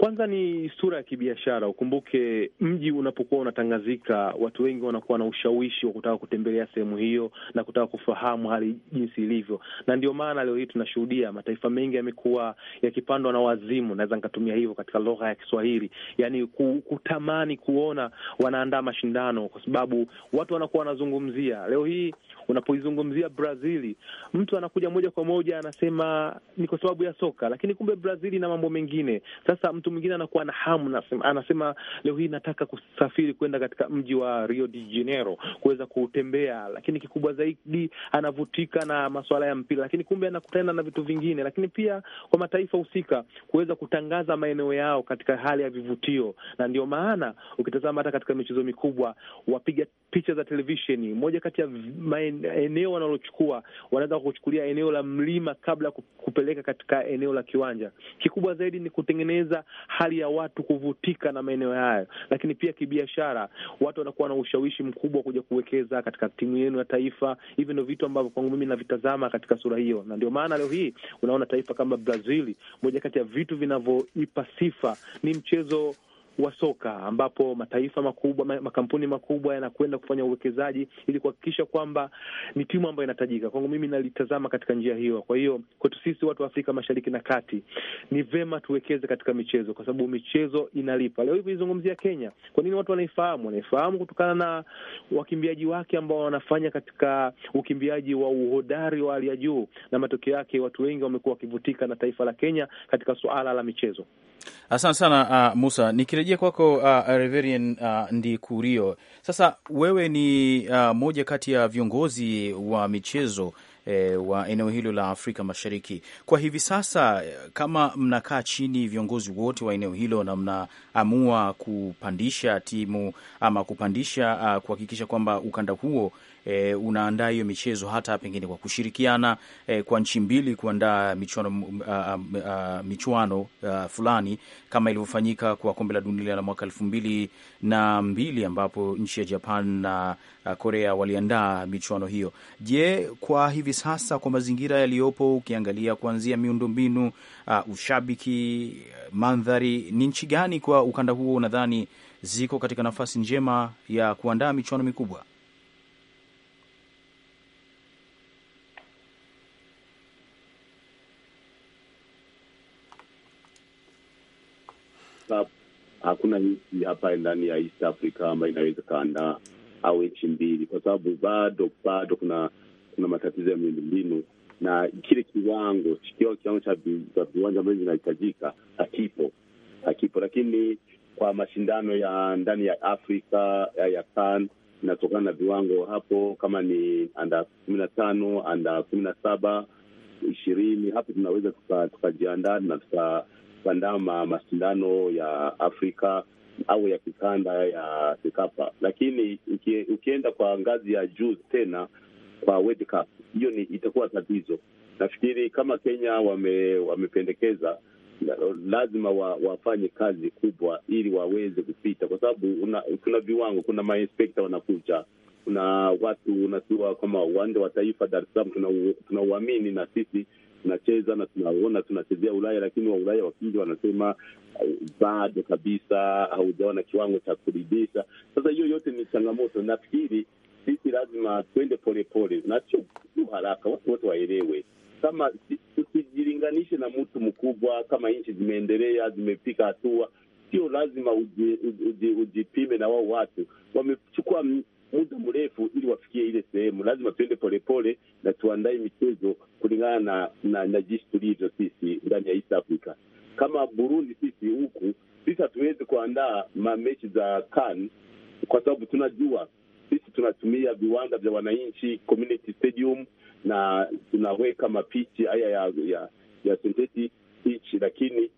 Kwanza ni sura ya kibiashara. Ukumbuke mji unapokuwa unatangazika, watu wengi wanakuwa na ushawishi wa kutaka kutembelea sehemu hiyo na kutaka kufahamu hali jinsi ilivyo, na ndio maana leo hii tunashuhudia mataifa mengi yamekuwa yakipandwa na wazimu, naweza nikatumia hivyo katika lugha ya Kiswahili, yani kutamani kuona wanaandaa mashindano, kwa sababu watu wanakuwa wanazungumzia. Leo hii unapoizungumzia Brazili, mtu anakuja moja kwa moja anasema ni kwa sababu ya soka, lakini kumbe Brazili na mambo mengine. Sasa mtu mtu mwingine anakuwa na hamu anasema leo hii nataka kusafiri kwenda katika mji wa Rio de Janeiro kuweza kutembea, lakini kikubwa zaidi anavutika na masuala ya mpira, lakini kumbe anakutana na vitu vingine. Lakini pia kwa mataifa husika kuweza kutangaza maeneo yao katika hali ya vivutio, na ndio maana ukitazama hata katika michezo mikubwa wapiga picha za televisheni, moja kati ya eneo wanalochukua wanaweza kuchukulia eneo la mlima kabla ya kupeleka katika eneo la kiwanja. Kikubwa zaidi ni kutengeneza hali ya watu kuvutika na maeneo hayo, lakini pia kibiashara, watu wanakuwa na ushawishi mkubwa kuja kuwekeza katika timu yenu ya taifa. Hivi ndio vitu ambavyo kwangu mimi navitazama katika sura hiyo, na ndio maana leo hii unaona taifa kama Brazili, moja kati ya vitu vinavyoipa sifa ni mchezo wa soka ambapo mataifa makubwa, makampuni makubwa yanakwenda kufanya uwekezaji ili kuhakikisha kwamba ni timu ambayo inatajika. Kwangu mimi nalitazama katika njia hiyo. Kwa hiyo kwetu sisi watu wa Afrika Mashariki na Kati ni vema tuwekeze katika michezo, kwa sababu michezo inalipa. Leo hivi izungumzia Kenya, kwa nini watu wanaifahamu? Wanaifahamu kutokana na wakimbiaji wake ambao wanafanya katika ukimbiaji wa uhodari wa hali ya juu, na matokeo yake watu wengi wamekuwa wakivutika na taifa la Kenya katika suala la michezo. Asante sana uh, Musa, nikirejea kwako uh, Reverian uh, Ndikurio, sasa wewe ni uh, moja kati ya viongozi wa michezo eh, wa eneo hilo la Afrika Mashariki. Kwa hivi sasa, kama mnakaa chini viongozi wote wa eneo hilo na mnaamua kupandisha timu ama kupandisha uh, kuhakikisha kwamba ukanda huo e, unaandaa hiyo michezo hata pengine kwa kushirikiana e, kwa nchi mbili kuandaa michuano, a, a, michuano a, fulani kama ilivyofanyika kwa kombe la dunia la mwaka elfu mbili na mbili ambapo nchi ya Japan na Korea waliandaa michuano hiyo. Je, kwa hivi sasa kwa mazingira yaliyopo, ukiangalia kuanzia miundombinu, uh, ushabiki, mandhari, ni nchi gani kwa ukanda huo unadhani ziko katika nafasi njema ya kuandaa michuano mikubwa? hakuna nchi hapa ndani ya East Africa ambayo inaweza kaandaa au nchi mbili, kwa sababu bado bado kuna kuna matatizo ya miundombinu na kile kiwango kio kiwango cha viwanja ambavyo vinahitajika hakipo hakipo, lakini kwa mashindano ya ndani ya Afrika ya CAN inatokana na viwango hapo, kama ni anda kumi na tano anda kumi na saba ishirini hapo tunaweza tukajiandaa tuka na tuka kuandaa mashindano ya Afrika au ya kikanda ya Sekapa, lakini uki, ukienda kwa ngazi ya juu tena kwa World Cup hiyo ni itakuwa tatizo. Nafikiri kama Kenya wame, wamependekeza lazima wa, wafanye kazi kubwa ili waweze kupita, kwa sababu kuna viwango, kuna mainspekta wanakuja, kuna watu unasiwa kama uwanja wa taifa Dar es Salaam tunauamini, tuna na sisi tunacheza na tunaona tunachezea Ulaya, lakini Waulaya wakija wanasema bado kabisa haujawa na kiwango cha kuridhisha. Sasa hiyo yote ni changamoto. Nafikiri sisi lazima twende polepole na sio haraka, watu wote waelewe kama tusijilinganishe na mtu mkubwa. Kama nchi zimeendelea zimepika hatua, sio lazima uji, uji, uji, ujipime na wao. Watu wamechukua muda mrefu ili wafikie ile sehemu. Lazima tuende polepole na tuandae michezo kulingana na, na, na jinsi tulivyo sisi ndani ya East Africa. Kama Burundi sisi huku sisi hatuwezi kuandaa mamechi za CAN kwa sababu tunajua sisi tunatumia viwanda vya wananchi community stadium, na tunaweka mapichi haya ya ya, ya synthetic pitch, lakini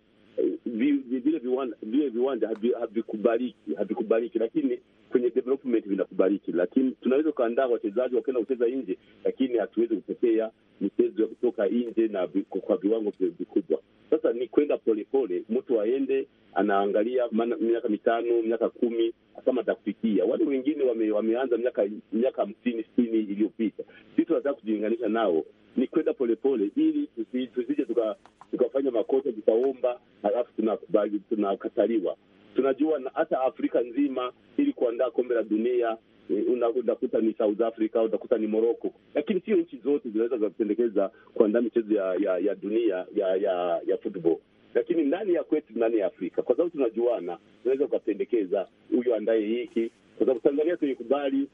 vile viwanda vile viwanda havikubaliki havikubaliki, lakini kwenye development vinakubaliki. Lakini tunaweza ukaandaa wachezaji wakenda kucheza nje, lakini hatuwezi kutetea michezo ya kutoka nje na kwa viwango vikubwa. Sasa ni kwenda polepole, mtu aende anaangalia miaka mitano miaka kumi kama atakufikia. Wale wengine wame, wameanza miaka miaka hamsini sitini iliyopita, si tunataka kujilinganisha nao, ni kwenda polepole ili tusije tuka tukafanya makosa tukaomba, halafu tunakubali, tunakataliwa. Tunajua na hata Afrika nzima ili kuandaa kombe la dunia eh, unakuta ni South Africa, utakuta ni Morocco, lakini sio nchi zote zinaweza zikapendekeza kuandaa michezo ya, ya ya dunia ya ya ya football lakini ndani ya kwetu, ndani ya Afrika, kwa sababu tunajuana, tunaweza ukapendekeza huyu andaye hiki, kwa sababu Tanzania tuikubali,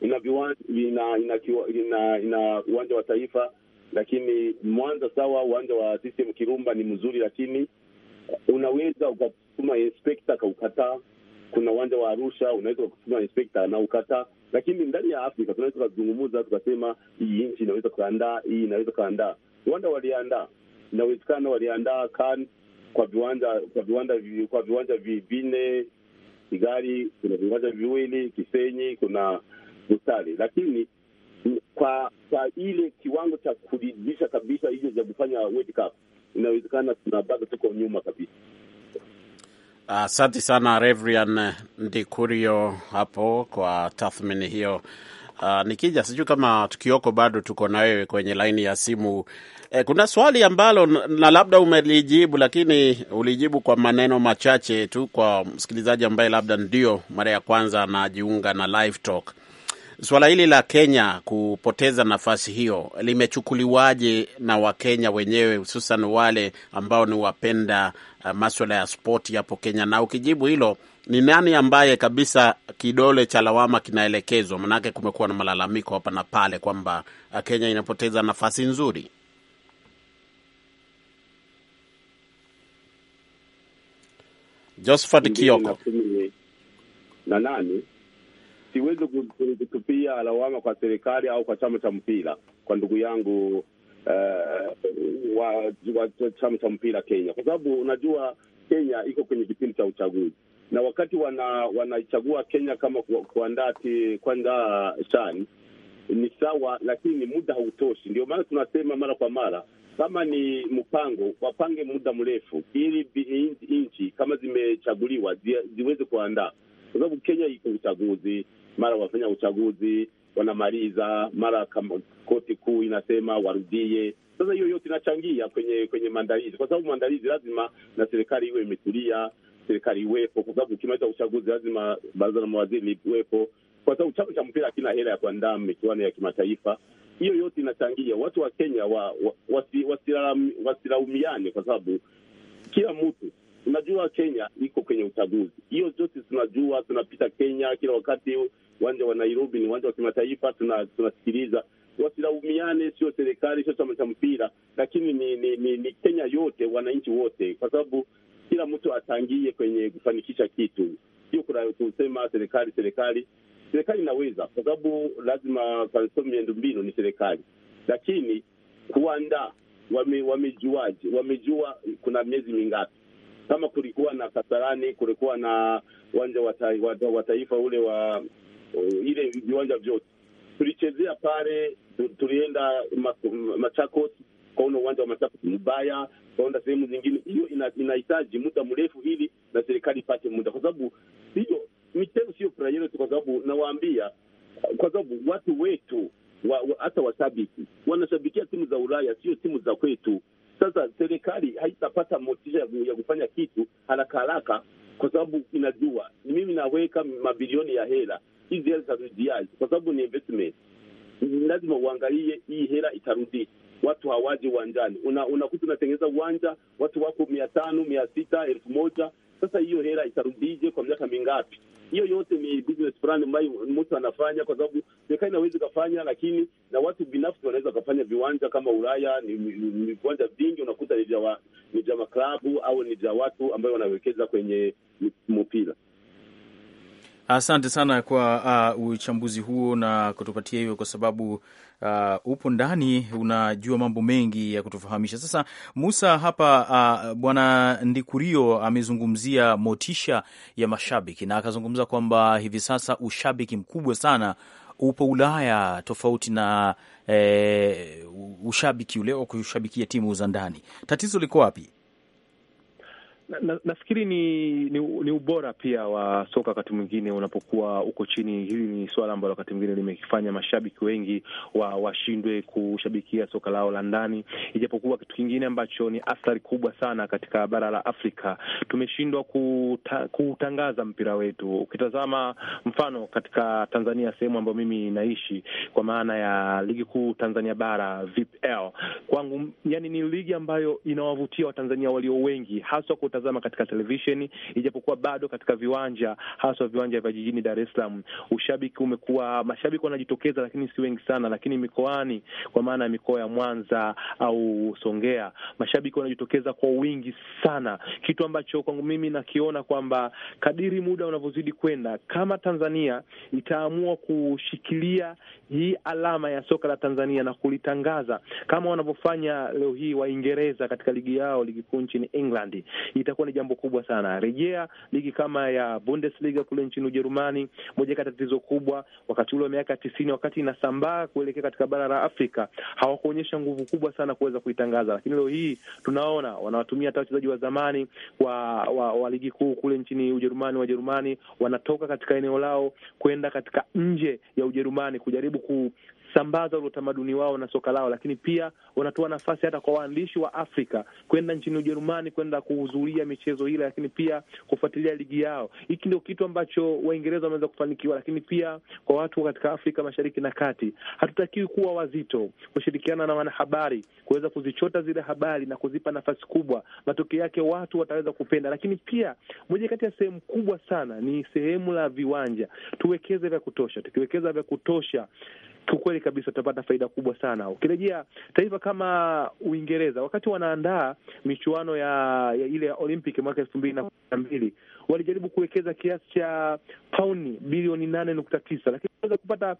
ina viwanja, ina ina ina uwanja wa taifa lakini Mwanza sawa, uwanja wa CCM Kirumba ni mzuri, lakini unaweza ukatuma inspekta akaukataa. Kuna uwanja wa Arusha unaweza ukatuma inspekta na Lakini ndani ya Afrika tunaweza ukazungumuza tukasema, hii nchi inaweza kuandaa, hii inaweza kuandaa. viwanda, waliandaa, inawezekana waliandaa kan kwa viwanja kwa kwa viwanja vine Kigali kuna viwanja viwili, Kisenyi kuna Butare, lakini kwa kwa ile kiwango cha kuridhisha kabisa hizo za kufanya World Cup, inawezekana tuna bado tuko nyuma kabisa. Asante uh, sana Revrian Ndikurio hapo kwa tathmini hiyo. Uh, nikija sijui kama tukioko bado tuko na wewe kwenye laini ya simu eh, kuna swali ambalo na labda umelijibu, lakini ulijibu kwa maneno machache tu, kwa msikilizaji ambaye labda ndio mara ya kwanza anajiunga na Live Talk Suala hili la Kenya kupoteza nafasi hiyo limechukuliwaje na Wakenya wenyewe, hususan wale ambao ni wapenda uh, maswala ya spoti hapo Kenya? Na ukijibu hilo, ni nani ambaye kabisa kidole cha lawama kinaelekezwa? Manake kumekuwa na malalamiko hapa na pale kwamba uh, Kenya inapoteza nafasi nzuri. Josephat Kioko na nani siwezi kutupia lawama kwa serikali au kwa chama cha mpira, kwa ndugu yangu uh, wa, wa chama cha mpira Kenya, kwa sababu unajua Kenya iko kwenye kipindi cha uchaguzi na wakati wana wanaichagua Kenya kama kuandaa kwanda shani ni sawa, lakini muda hautoshi. Ndio maana tunasema mara kwa mara, kama ni mpango wapange muda mrefu, ili nchi kama zimechaguliwa zi, ziweze kuandaa, kwa sababu Kenya iko uchaguzi mara wafanya uchaguzi wanamaliza, mara koti kuu inasema warudie. Sasa hiyo yote inachangia kwenye kwenye maandalizi, kwa sababu maandalizi lazima na serikali iwe imetulia, serikali iwepo, kwa sababu ukimaliza uchaguzi lazima baraza la mawaziri liwepo, kwa sababu chama cha mpira hakina hela ya kuandaa michuano ya kimataifa. Hiyo yote inachangia watu wa Kenya wa, wa, wasilaumiane wasi, wasi, kwa sababu kila mtu Unajua, Kenya iko kwenye uchaguzi, hiyo zote tunajua, tunapita Kenya kila wakati. Uwanja wa Nairobi ni uwanja wa kimataifa, tunasikiliza. Wasilaumiane, sio serikali, sio chama cha mpira, lakini ni, ni, ni, ni Kenya yote, wananchi wote, kwa sababu kila mtu achangie kwenye kufanikisha kitu. Sio kusema serikali serikali serikali inaweza, kwa sababu lazima mbino ni serikali, lakini kuandaa wamejuaje? Wamejua kuna miezi mingapi kama kulikuwa na Kasarani, kulikuwa na uwanja wa taifa ule wa ile viwanja vyote tulichezea pale, tulienda Machakos kaona uwanja wa Machakos mbaya, kaona sehemu zingine. Hiyo inahitaji muda mrefu ili na serikali ipate muda, kwa sababu hiyo michezo sio priority, kwa sababu nawaambia, kwa sababu watu wetu hata wa, wa, washabiki wanashabikia timu za Ulaya, sio timu za kwetu. Sasa serikali haitapata motisha ya kufanya kitu haraka haraka, kwa sababu inajua mimi naweka mabilioni ya hela, hizi hela zitarudiaje? Kwa sababu ni investment, lazima uangalie hii hela itarudi. Watu hawaji uwanjani, unakuta unatengeneza uwanja, watu wako mia tano, mia sita, elfu moja. Sasa hiyo hela itarudije kwa miaka mingapi? hiyo yote ni business fulani ambayo mtu anafanya kwa sababu serikali inaweza kafanya lakini na watu binafsi wanaweza wakafanya. Viwanja kama Ulaya ni, ni viwanja vingi unakuta ni vya maklabu au ni vya watu ambayo wanawekeza kwenye mpira. Asante sana kwa uh, uchambuzi huo na kutupatia hivyo, kwa sababu uh, upo ndani, unajua mambo mengi ya kutufahamisha. Sasa Musa hapa, uh, bwana Ndikurio amezungumzia motisha ya mashabiki na akazungumza kwamba hivi sasa ushabiki mkubwa sana upo Ulaya tofauti na eh, ushabiki ule wa kushabikia timu za ndani. Tatizo liko wapi? na, nafikiri ni, ni ni ubora pia wa soka wakati mwingine unapokuwa uko chini. Hili ni suala ambalo wakati mwingine limekifanya mashabiki wengi washindwe wa kushabikia soka lao la ndani, ijapokuwa kitu kingine ambacho ni athari kubwa sana katika bara la Afrika, tumeshindwa kuta, kutangaza mpira wetu. Ukitazama mfano katika Tanzania, sehemu ambayo mimi naishi, kwa maana ya ligi kuu Tanzania bara VPL, kwangu yani ni ligi ambayo inawavutia Watanzania walio wengi haswa tunatazama katika televisheni, ijapokuwa bado katika viwanja, haswa viwanja vya jijini Dar es Salaam, ushabiki umekuwa, mashabiki wanajitokeza, lakini si wengi sana. Lakini mikoani, kwa maana ya mikoa ya Mwanza au Songea, mashabiki wanajitokeza kwa wingi sana, kitu ambacho kwangu mimi nakiona kwamba kadiri muda unavyozidi kwenda, kama Tanzania itaamua kushikilia hii alama ya soka la Tanzania na kulitangaza kama wanavyofanya leo hii Waingereza katika ligi yao, ligi kuu nchini England, itakuwa ni jambo kubwa sana. Rejea ligi kama ya Bundesliga kule nchini Ujerumani, moja kati ya tatizo kubwa wakati ule wa miaka tisini, wakati inasambaa kuelekea katika bara la Afrika, hawakuonyesha nguvu kubwa sana kuweza kuitangaza, lakini leo hii tunaona wanawatumia hata wachezaji wa zamani wa, wa, wa ligi kuu kule nchini Ujerumani. Wajerumani wanatoka katika eneo lao kwenda katika nje ya Ujerumani kujaribu ku sambaza ule utamaduni wao na soka lao, lakini pia wanatoa nafasi hata kwa waandishi wa Afrika kwenda nchini Ujerumani kwenda kuhudhuria michezo ile, lakini pia kufuatilia ligi yao. Hiki ndio kitu ambacho Waingereza wameweza kufanikiwa, lakini pia kwa watu katika Afrika Mashariki na Kati, hatutakiwi kuwa wazito kushirikiana na wanahabari kuweza kuzichota zile habari na kuzipa nafasi kubwa. Matokeo yake watu wataweza kupenda, lakini pia moja kati ya sehemu kubwa sana ni sehemu la viwanja. Tuwekeze vya kutosha, tukiwekeza vya kutosha kiukweli kabisa tutapata faida kubwa sana. Ukirejea taifa kama Uingereza, wakati wanaandaa michuano ya, ya ile ya Olympic mwaka elfu mbili na kumi na mbili walijaribu kuwekeza kiasi cha pauni bilioni nane nukta tisa lakini waweza kupata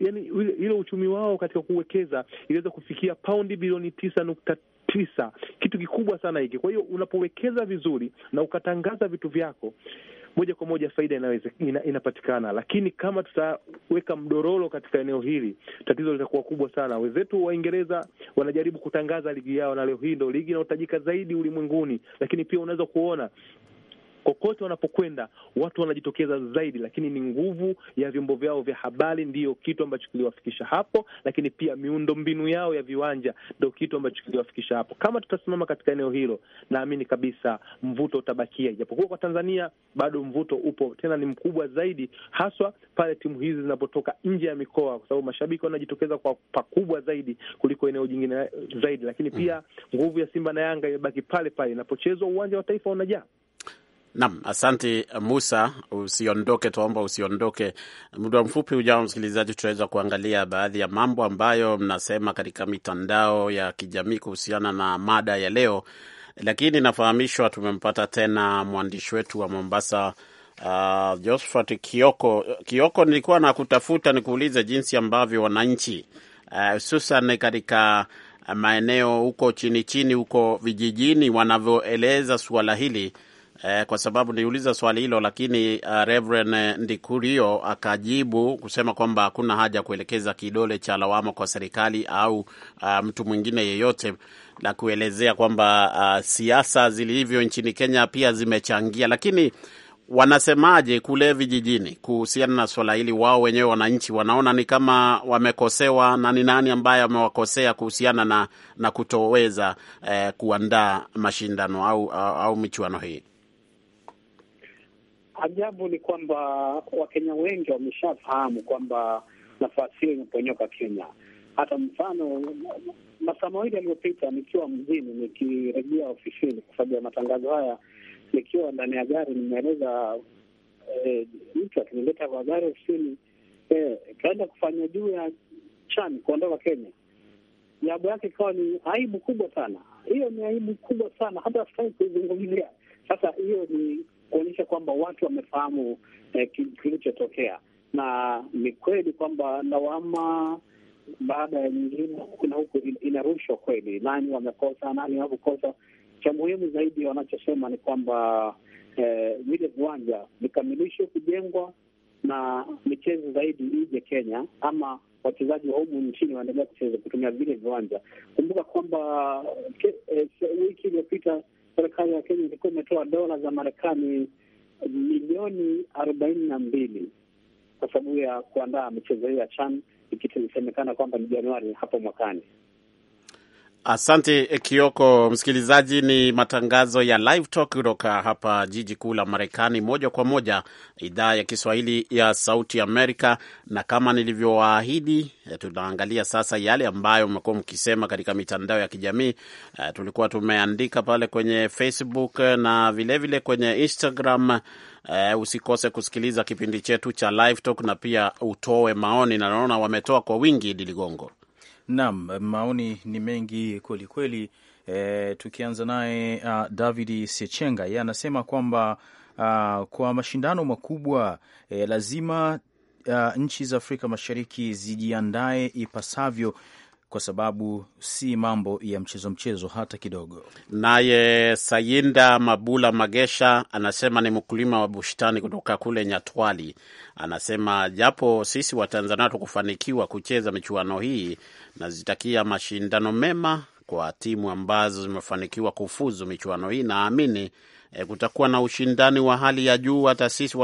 yani ile uchumi wao katika kuwekeza iliweza kufikia paundi bilioni tisa nukta tisa kitu kikubwa sana hiki. Kwa hiyo unapowekeza vizuri na ukatangaza vitu vyako moja kwa moja faida inaweza, ina, inapatikana, lakini kama tutaweka mdororo katika eneo hili tatizo litakuwa kubwa sana. Wenzetu Waingereza wanajaribu kutangaza ligi yao, na leo hii ndo ligi inayotajika zaidi ulimwenguni, lakini pia unaweza kuona Kokote wanapokwenda watu wanajitokeza zaidi, lakini ni nguvu ya vyombo vyao vya habari ndiyo kitu ambacho kiliwafikisha hapo, lakini pia miundombinu yao ya viwanja ndio kitu ambacho kiliwafikisha hapo. Kama tutasimama katika eneo hilo, naamini kabisa mvuto utabakia, ijapokuwa kwa Tanzania bado mvuto upo, tena ni mkubwa zaidi, haswa pale timu hizi zinapotoka nje ya mikoa, kwa sababu mashabiki wanajitokeza kwa pakubwa zaidi kuliko eneo jingine zaidi, lakini pia mm. nguvu ya Simba na Yanga imebaki pale pale, inapochezwa uwanja wa Taifa unajaa. Nam, asante Musa, usiondoke, tuomba usiondoke. Muda mfupi ujao, msikilizaji, tutaweza kuangalia baadhi ya mambo ambayo mnasema katika mitandao ya kijamii kuhusiana na mada ya leo, lakini nafahamishwa tumempata tena mwandishi wetu wa Mombasa, uh, Josphat Kioko. Kioko, nilikuwa nakutafuta nikuulize jinsi ambavyo wananchi uh, hususan uh, katika maeneo huko chini chini huko vijijini wanavyoeleza suala hili eh, kwa sababu niuliza swali hilo, lakini uh, Reverend Ndikurio akajibu kusema kwamba hakuna haja ya kuelekeza kidole cha lawama kwa serikali au uh, mtu mwingine yeyote na kuelezea kwamba uh, siasa zilivyo nchini Kenya pia zimechangia. Lakini wanasemaje kule vijijini kuhusiana na swala hili? Wao wenyewe wananchi wanaona ni kama wamekosewa, na ni nani ambaye amewakosea kuhusiana na, na kutoweza eh, kuandaa mashindano au, au, au michuano hii? Ajabu ni kwamba Wakenya wengi wameshafahamu kwamba nafasi hiyo imeponyoka Kenya. Hata mfano, masaa mawili yaliyopita nikiwa mjini, nikirejea ofisini kwa sababu ya matangazo haya, nikiwa ndani ya gari, nimeeleza e, mtu akinileta kwa gari ofisini, e, kaenda kufanya juu ya chani kuondoka Kenya. jabu yake ikawa ni aibu kubwa sana. Hiyo ni aibu kubwa sana, hata sitaki kuizungumzia. Sasa hiyo ni kuonyesha kwamba watu wamefahamu eh, kilichotokea. Na ni kweli kwamba lawama baada ya nyingine huku na huku inarushwa kweli, nani wamekosa, nani hawakukosa. Cha muhimu zaidi wanachosema ni kwamba eh, vile eh, viwanja vikamilishwe kujengwa na michezo zaidi ije Kenya, ama wachezaji wa humu nchini waendelea kucheza kutumia vile viwanja. Kumbuka kwamba eh, wiki iliyopita serikali ya Kenya ilikuwa imetoa dola za Marekani milioni arobaini na mbili kwa sababu ya kuandaa michezo hiyo ya CHAN ikisemekana kwamba ni Januari hapo mwakani. Asante Kioko. Msikilizaji, ni matangazo ya Live Talk kutoka hapa jiji kuu la Marekani, moja kwa moja, idhaa ya Kiswahili ya Sauti Amerika. Na kama nilivyowaahidi, eh, tunaangalia sasa yale ambayo mmekuwa mkisema katika mitandao ya kijamii. Eh, tulikuwa tumeandika pale kwenye Facebook eh, na vilevile vile kwenye Instagram. Uh, usikose kusikiliza kipindi chetu cha Live Talk na pia utoe maoni, na naona wametoa kwa wingi, Idi Ligongo. Naam, maoni ni mengi kweli kweli. E, tukianza naye uh, David Sechenga yeye anasema kwamba uh, kwa mashindano makubwa e, lazima Uh, nchi za Afrika Mashariki zijiandae ipasavyo kwa sababu si mambo ya mchezo mchezo hata kidogo. Naye Sayinda Mabula Magesha anasema ni mkulima wa bustani kutoka kule Nyatwali. Anasema japo sisi Watanzania tukufanikiwa kucheza michuano hii, nazitakia mashindano mema kwa timu ambazo zimefanikiwa kufuzu michuano hii. Naamini e, kutakuwa na ushindani wa hali ya juu. Hata sisi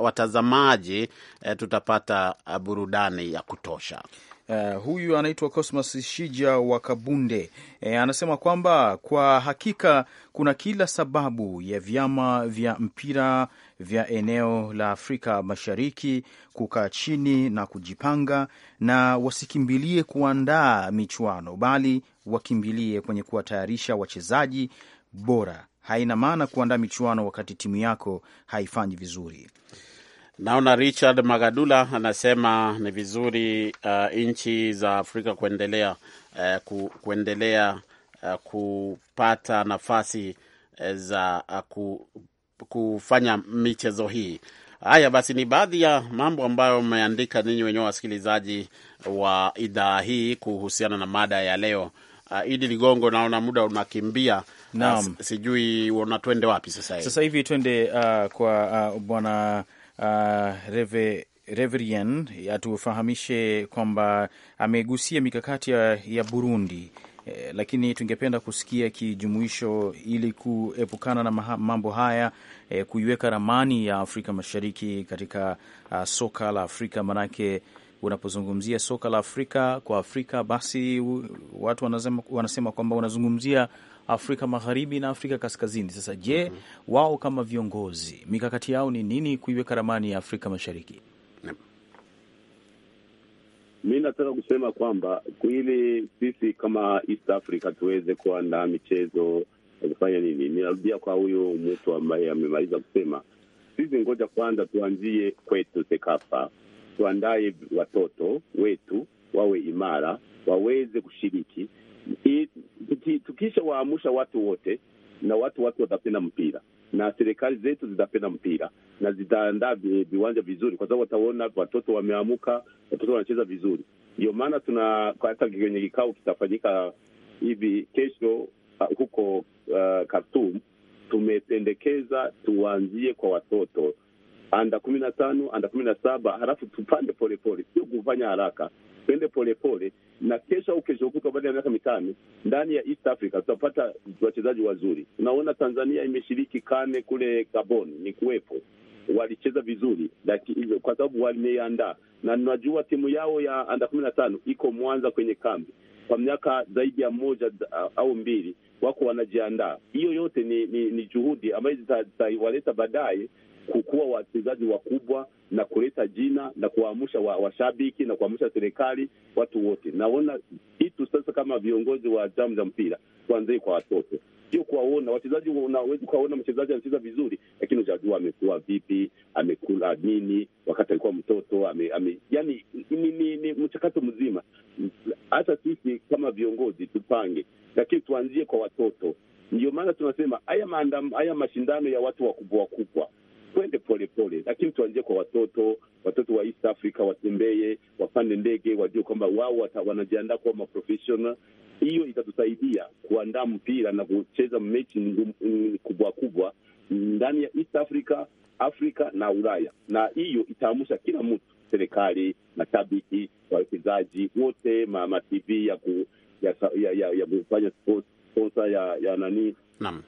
watazamaji e, tutapata burudani ya kutosha. Uh, huyu anaitwa Cosmas Shija wa Kabunde. E, anasema kwamba kwa hakika kuna kila sababu ya vyama vya mpira vya eneo la Afrika Mashariki kukaa chini na kujipanga, na wasikimbilie kuandaa michuano, bali wakimbilie kwenye kuwatayarisha wachezaji bora. Haina maana kuandaa michuano wakati timu yako haifanyi vizuri. Naona Richard Magadula anasema ni vizuri uh, nchi za Afrika kuendelea uh, ku, kuendelea uh, kupata nafasi uh, za uh, ku, kufanya michezo hii. Haya basi, ni baadhi ya mambo ambayo mmeandika ninyi wenyewe wasikilizaji wa idhaa hii kuhusiana na mada ya leo. Uh, Idi Ligongo, naona muda unakimbia. Naam. Uh, sijui unatwende wapi sasa hivi? Sasa hivi twende uh, kwa uh, bwana uh, Reve Reverien atufahamishe kwamba amegusia mikakati ya, ya Burundi eh, lakini tungependa kusikia kijumuisho ili kuepukana na maha, mambo haya eh, kuiweka ramani ya Afrika Mashariki katika uh, soka la Afrika manake unapozungumzia soka la Afrika kwa Afrika basi watu wanasema, wanasema kwamba unazungumzia Afrika Magharibi na Afrika Kaskazini. Sasa je, mm -hmm. wao kama viongozi mikakati yao ni nini kuiweka ramani ya Afrika Mashariki? Mi nataka kusema kwamba ili sisi kama East Africa tuweze kuandaa michezo kufanya nini, ninarudia kwa huyu mtu ambaye amemaliza kusema, sisi ngoja kwanza tuanzie kwetu Sekafa, tuandaye watoto wetu wawe imara, waweze kushiriki Tukisha waamusha watu wote na watu watu watapenda mpira na serikali zetu zitapenda mpira na zitaandaa viwanja vizuri, kwa sababu wataona watoto wameamuka, watoto wanacheza vizuri. Ndio maana tuna hata kwenye kikao kitafanyika hivi kesho uh, huko uh, Khartoum tumependekeza tuanzie kwa watoto anda kumi na tano anda kumi na saba halafu tupande polepole, sio kufanya haraka, tuende polepole, na kesho au kesho kutwa, baada ya miaka mitano, ndani ya East Africa tutapata wachezaji wazuri. Unaona, Tanzania imeshiriki kane kule Gabon, ni kuwepo walicheza vizuri lakini, kwa sababu wameandaa na najua timu yao ya anda kumi na tano iko Mwanza kwenye kambi kwa miaka zaidi ya moja uh, au mbili, wako wanajiandaa. Hiyo yote ni, ni, ni juhudi ambayo zitawaleta baadaye kukuwa wachezaji wakubwa na kuleta jina na kuamsha washabiki wa na kuamsha serikali, watu wote. Naona kitu sasa, kama viongozi wa jamu za mpira, tuanzie kwa watoto, sio kuwaona wachezaji. Unaweza ukaona mchezaji anacheza vizuri, lakini hujajua amekuwa vipi, amekula nini wakati alikuwa mtoto ame, ame, yani ni, ni, ni mchakato mzima. Hata sisi kama viongozi tupange, lakini tuanzie kwa watoto. Ndio maana tunasema haya haya mashindano ya watu wakubwa wakubwa twende polepole, lakini tuanzie kwa watoto. Watoto wa East Africa watembee, wapande ndege, wajue kwamba wao wanajiandaa kuwa maprofessional. Hiyo itatusaidia kuandaa mpira na kucheza mechi kubwa kubwa ndani ya East Africa, Afrika na Ulaya, na hiyo itaamusha kila mtu, serikali, mashabiki, wawekezaji wote, ma, TV ya ku, ya, ya, ya, ya kufanya sports sponsor ya ya nani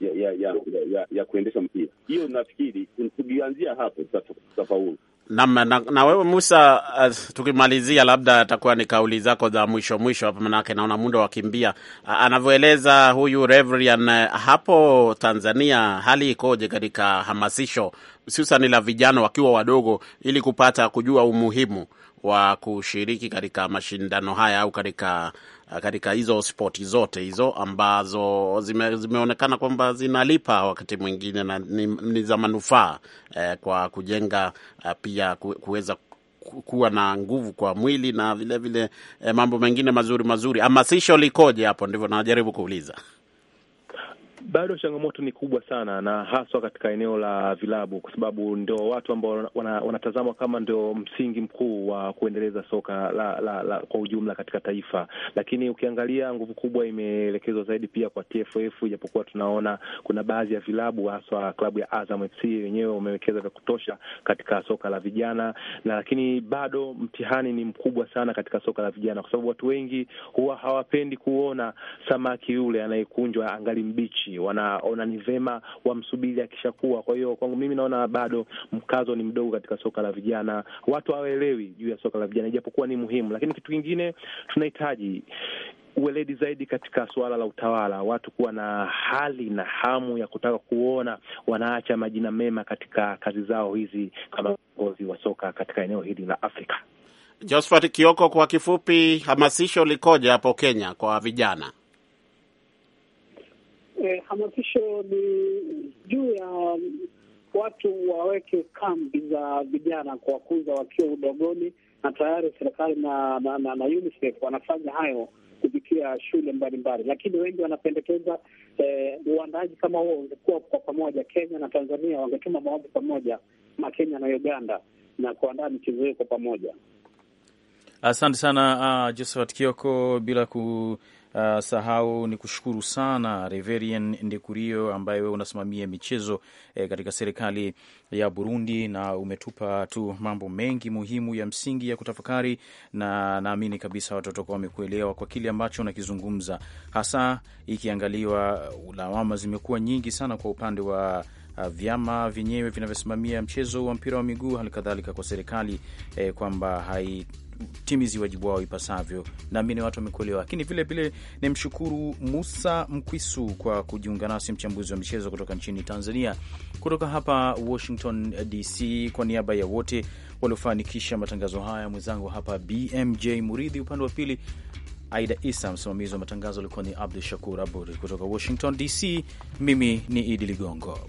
ya, ya, ya, ya, ya kuendesha mpira. Hiyo nafikiri tukianzia hapo tutafaulu. Naam, na, na wewe Musa, uh, tukimalizia labda atakuwa ni kauli zako za mwisho mwisho hapa, manake naona mundo wakimbia. Uh, anavyoeleza huyu Reverend uh, hapo Tanzania hali ikoje katika hamasisho hususan la vijana wakiwa wadogo, ili kupata kujua umuhimu wa kushiriki katika mashindano haya au katika katika hizo spoti zote hizo ambazo zime, zimeonekana kwamba zinalipa wakati mwingine na ni, ni za manufaa eh, kwa kujenga eh, pia kuweza kuwa na nguvu kwa mwili na vilevile vile, eh, mambo mengine mazuri mazuri. Hamasisho likoje hapo? Ndivyo najaribu kuuliza. Bado changamoto ni kubwa sana, na haswa katika eneo la vilabu, kwa sababu ndio watu ambao wanatazamwa kama ndio msingi mkuu wa kuendeleza soka la, la, la kwa ujumla katika taifa. Lakini ukiangalia nguvu kubwa imeelekezwa zaidi pia kwa TFF, ijapokuwa tunaona kuna baadhi ya vilabu haswa klabu ya Azam FC wenyewe wamewekeza vya kutosha katika soka la vijana, na lakini bado mtihani ni mkubwa sana katika soka la vijana, kwa sababu watu wengi huwa hawapendi kuona samaki yule anayekunjwa angali mbichi wanaona ni vema wamsubiri akishakuwa. Kwa hiyo kwangu mimi naona bado mkazo ni mdogo katika soka la vijana, watu hawaelewi juu ya soka la vijana, ijapokuwa ni muhimu. Lakini kitu kingine tunahitaji weledi zaidi katika suala la utawala, watu kuwa na hali na hamu ya kutaka kuona wanaacha majina mema katika kazi zao hizi kama viongozi wa soka katika eneo hili la Afrika. Josephat Kioko, kwa kifupi, hamasisho likoje hapo Kenya kwa vijana? eh, hamasisho ni juu ya watu waweke kambi za vijana kuwakuza wakiwa udogoni, na tayari serikali na, na, na, na UNICEF wanafanya hayo kupitia shule mbalimbali, lakini wengi wanapendekeza eh, uandaaji kama huo ungekuwa kwa pamoja. Kenya na Tanzania wangetuma maombi pamoja ma Kenya na Uganda na kuandaa michezo hiyo kwa pamoja. Asante sana uh, Josephat Kioko, bila ku Ah, sahau ni kushukuru sana Reverian Ndekurio ambaye wewe unasimamia michezo eh, katika serikali ya Burundi, na umetupa tu mambo mengi muhimu ya msingi ya kutafakari, na naamini kabisa watu watakuwa wamekuelewa kwa kile ambacho unakizungumza, hasa ikiangaliwa lawama zimekuwa nyingi sana kwa upande wa ah, vyama vyenyewe vinavyosimamia mchezo wa mpira wa miguu, hali kadhalika kwa serikali eh, kwamba hai timizi wajibu wao ipasavyo. Naamini watu wamekuelewa, lakini vilevile nimshukuru Musa Mkwisu kwa kujiunga nasi, mchambuzi wa michezo kutoka nchini Tanzania. Kutoka hapa Washington DC, kwa niaba ya wote waliofanikisha matangazo haya, mwenzangu hapa BMJ Muridhi, upande wa pili Aida Isa, msimamizi wa matangazo alikuwa ni Abdu Shakur Abud. Kutoka Washington DC, mimi ni Idi Ligongo.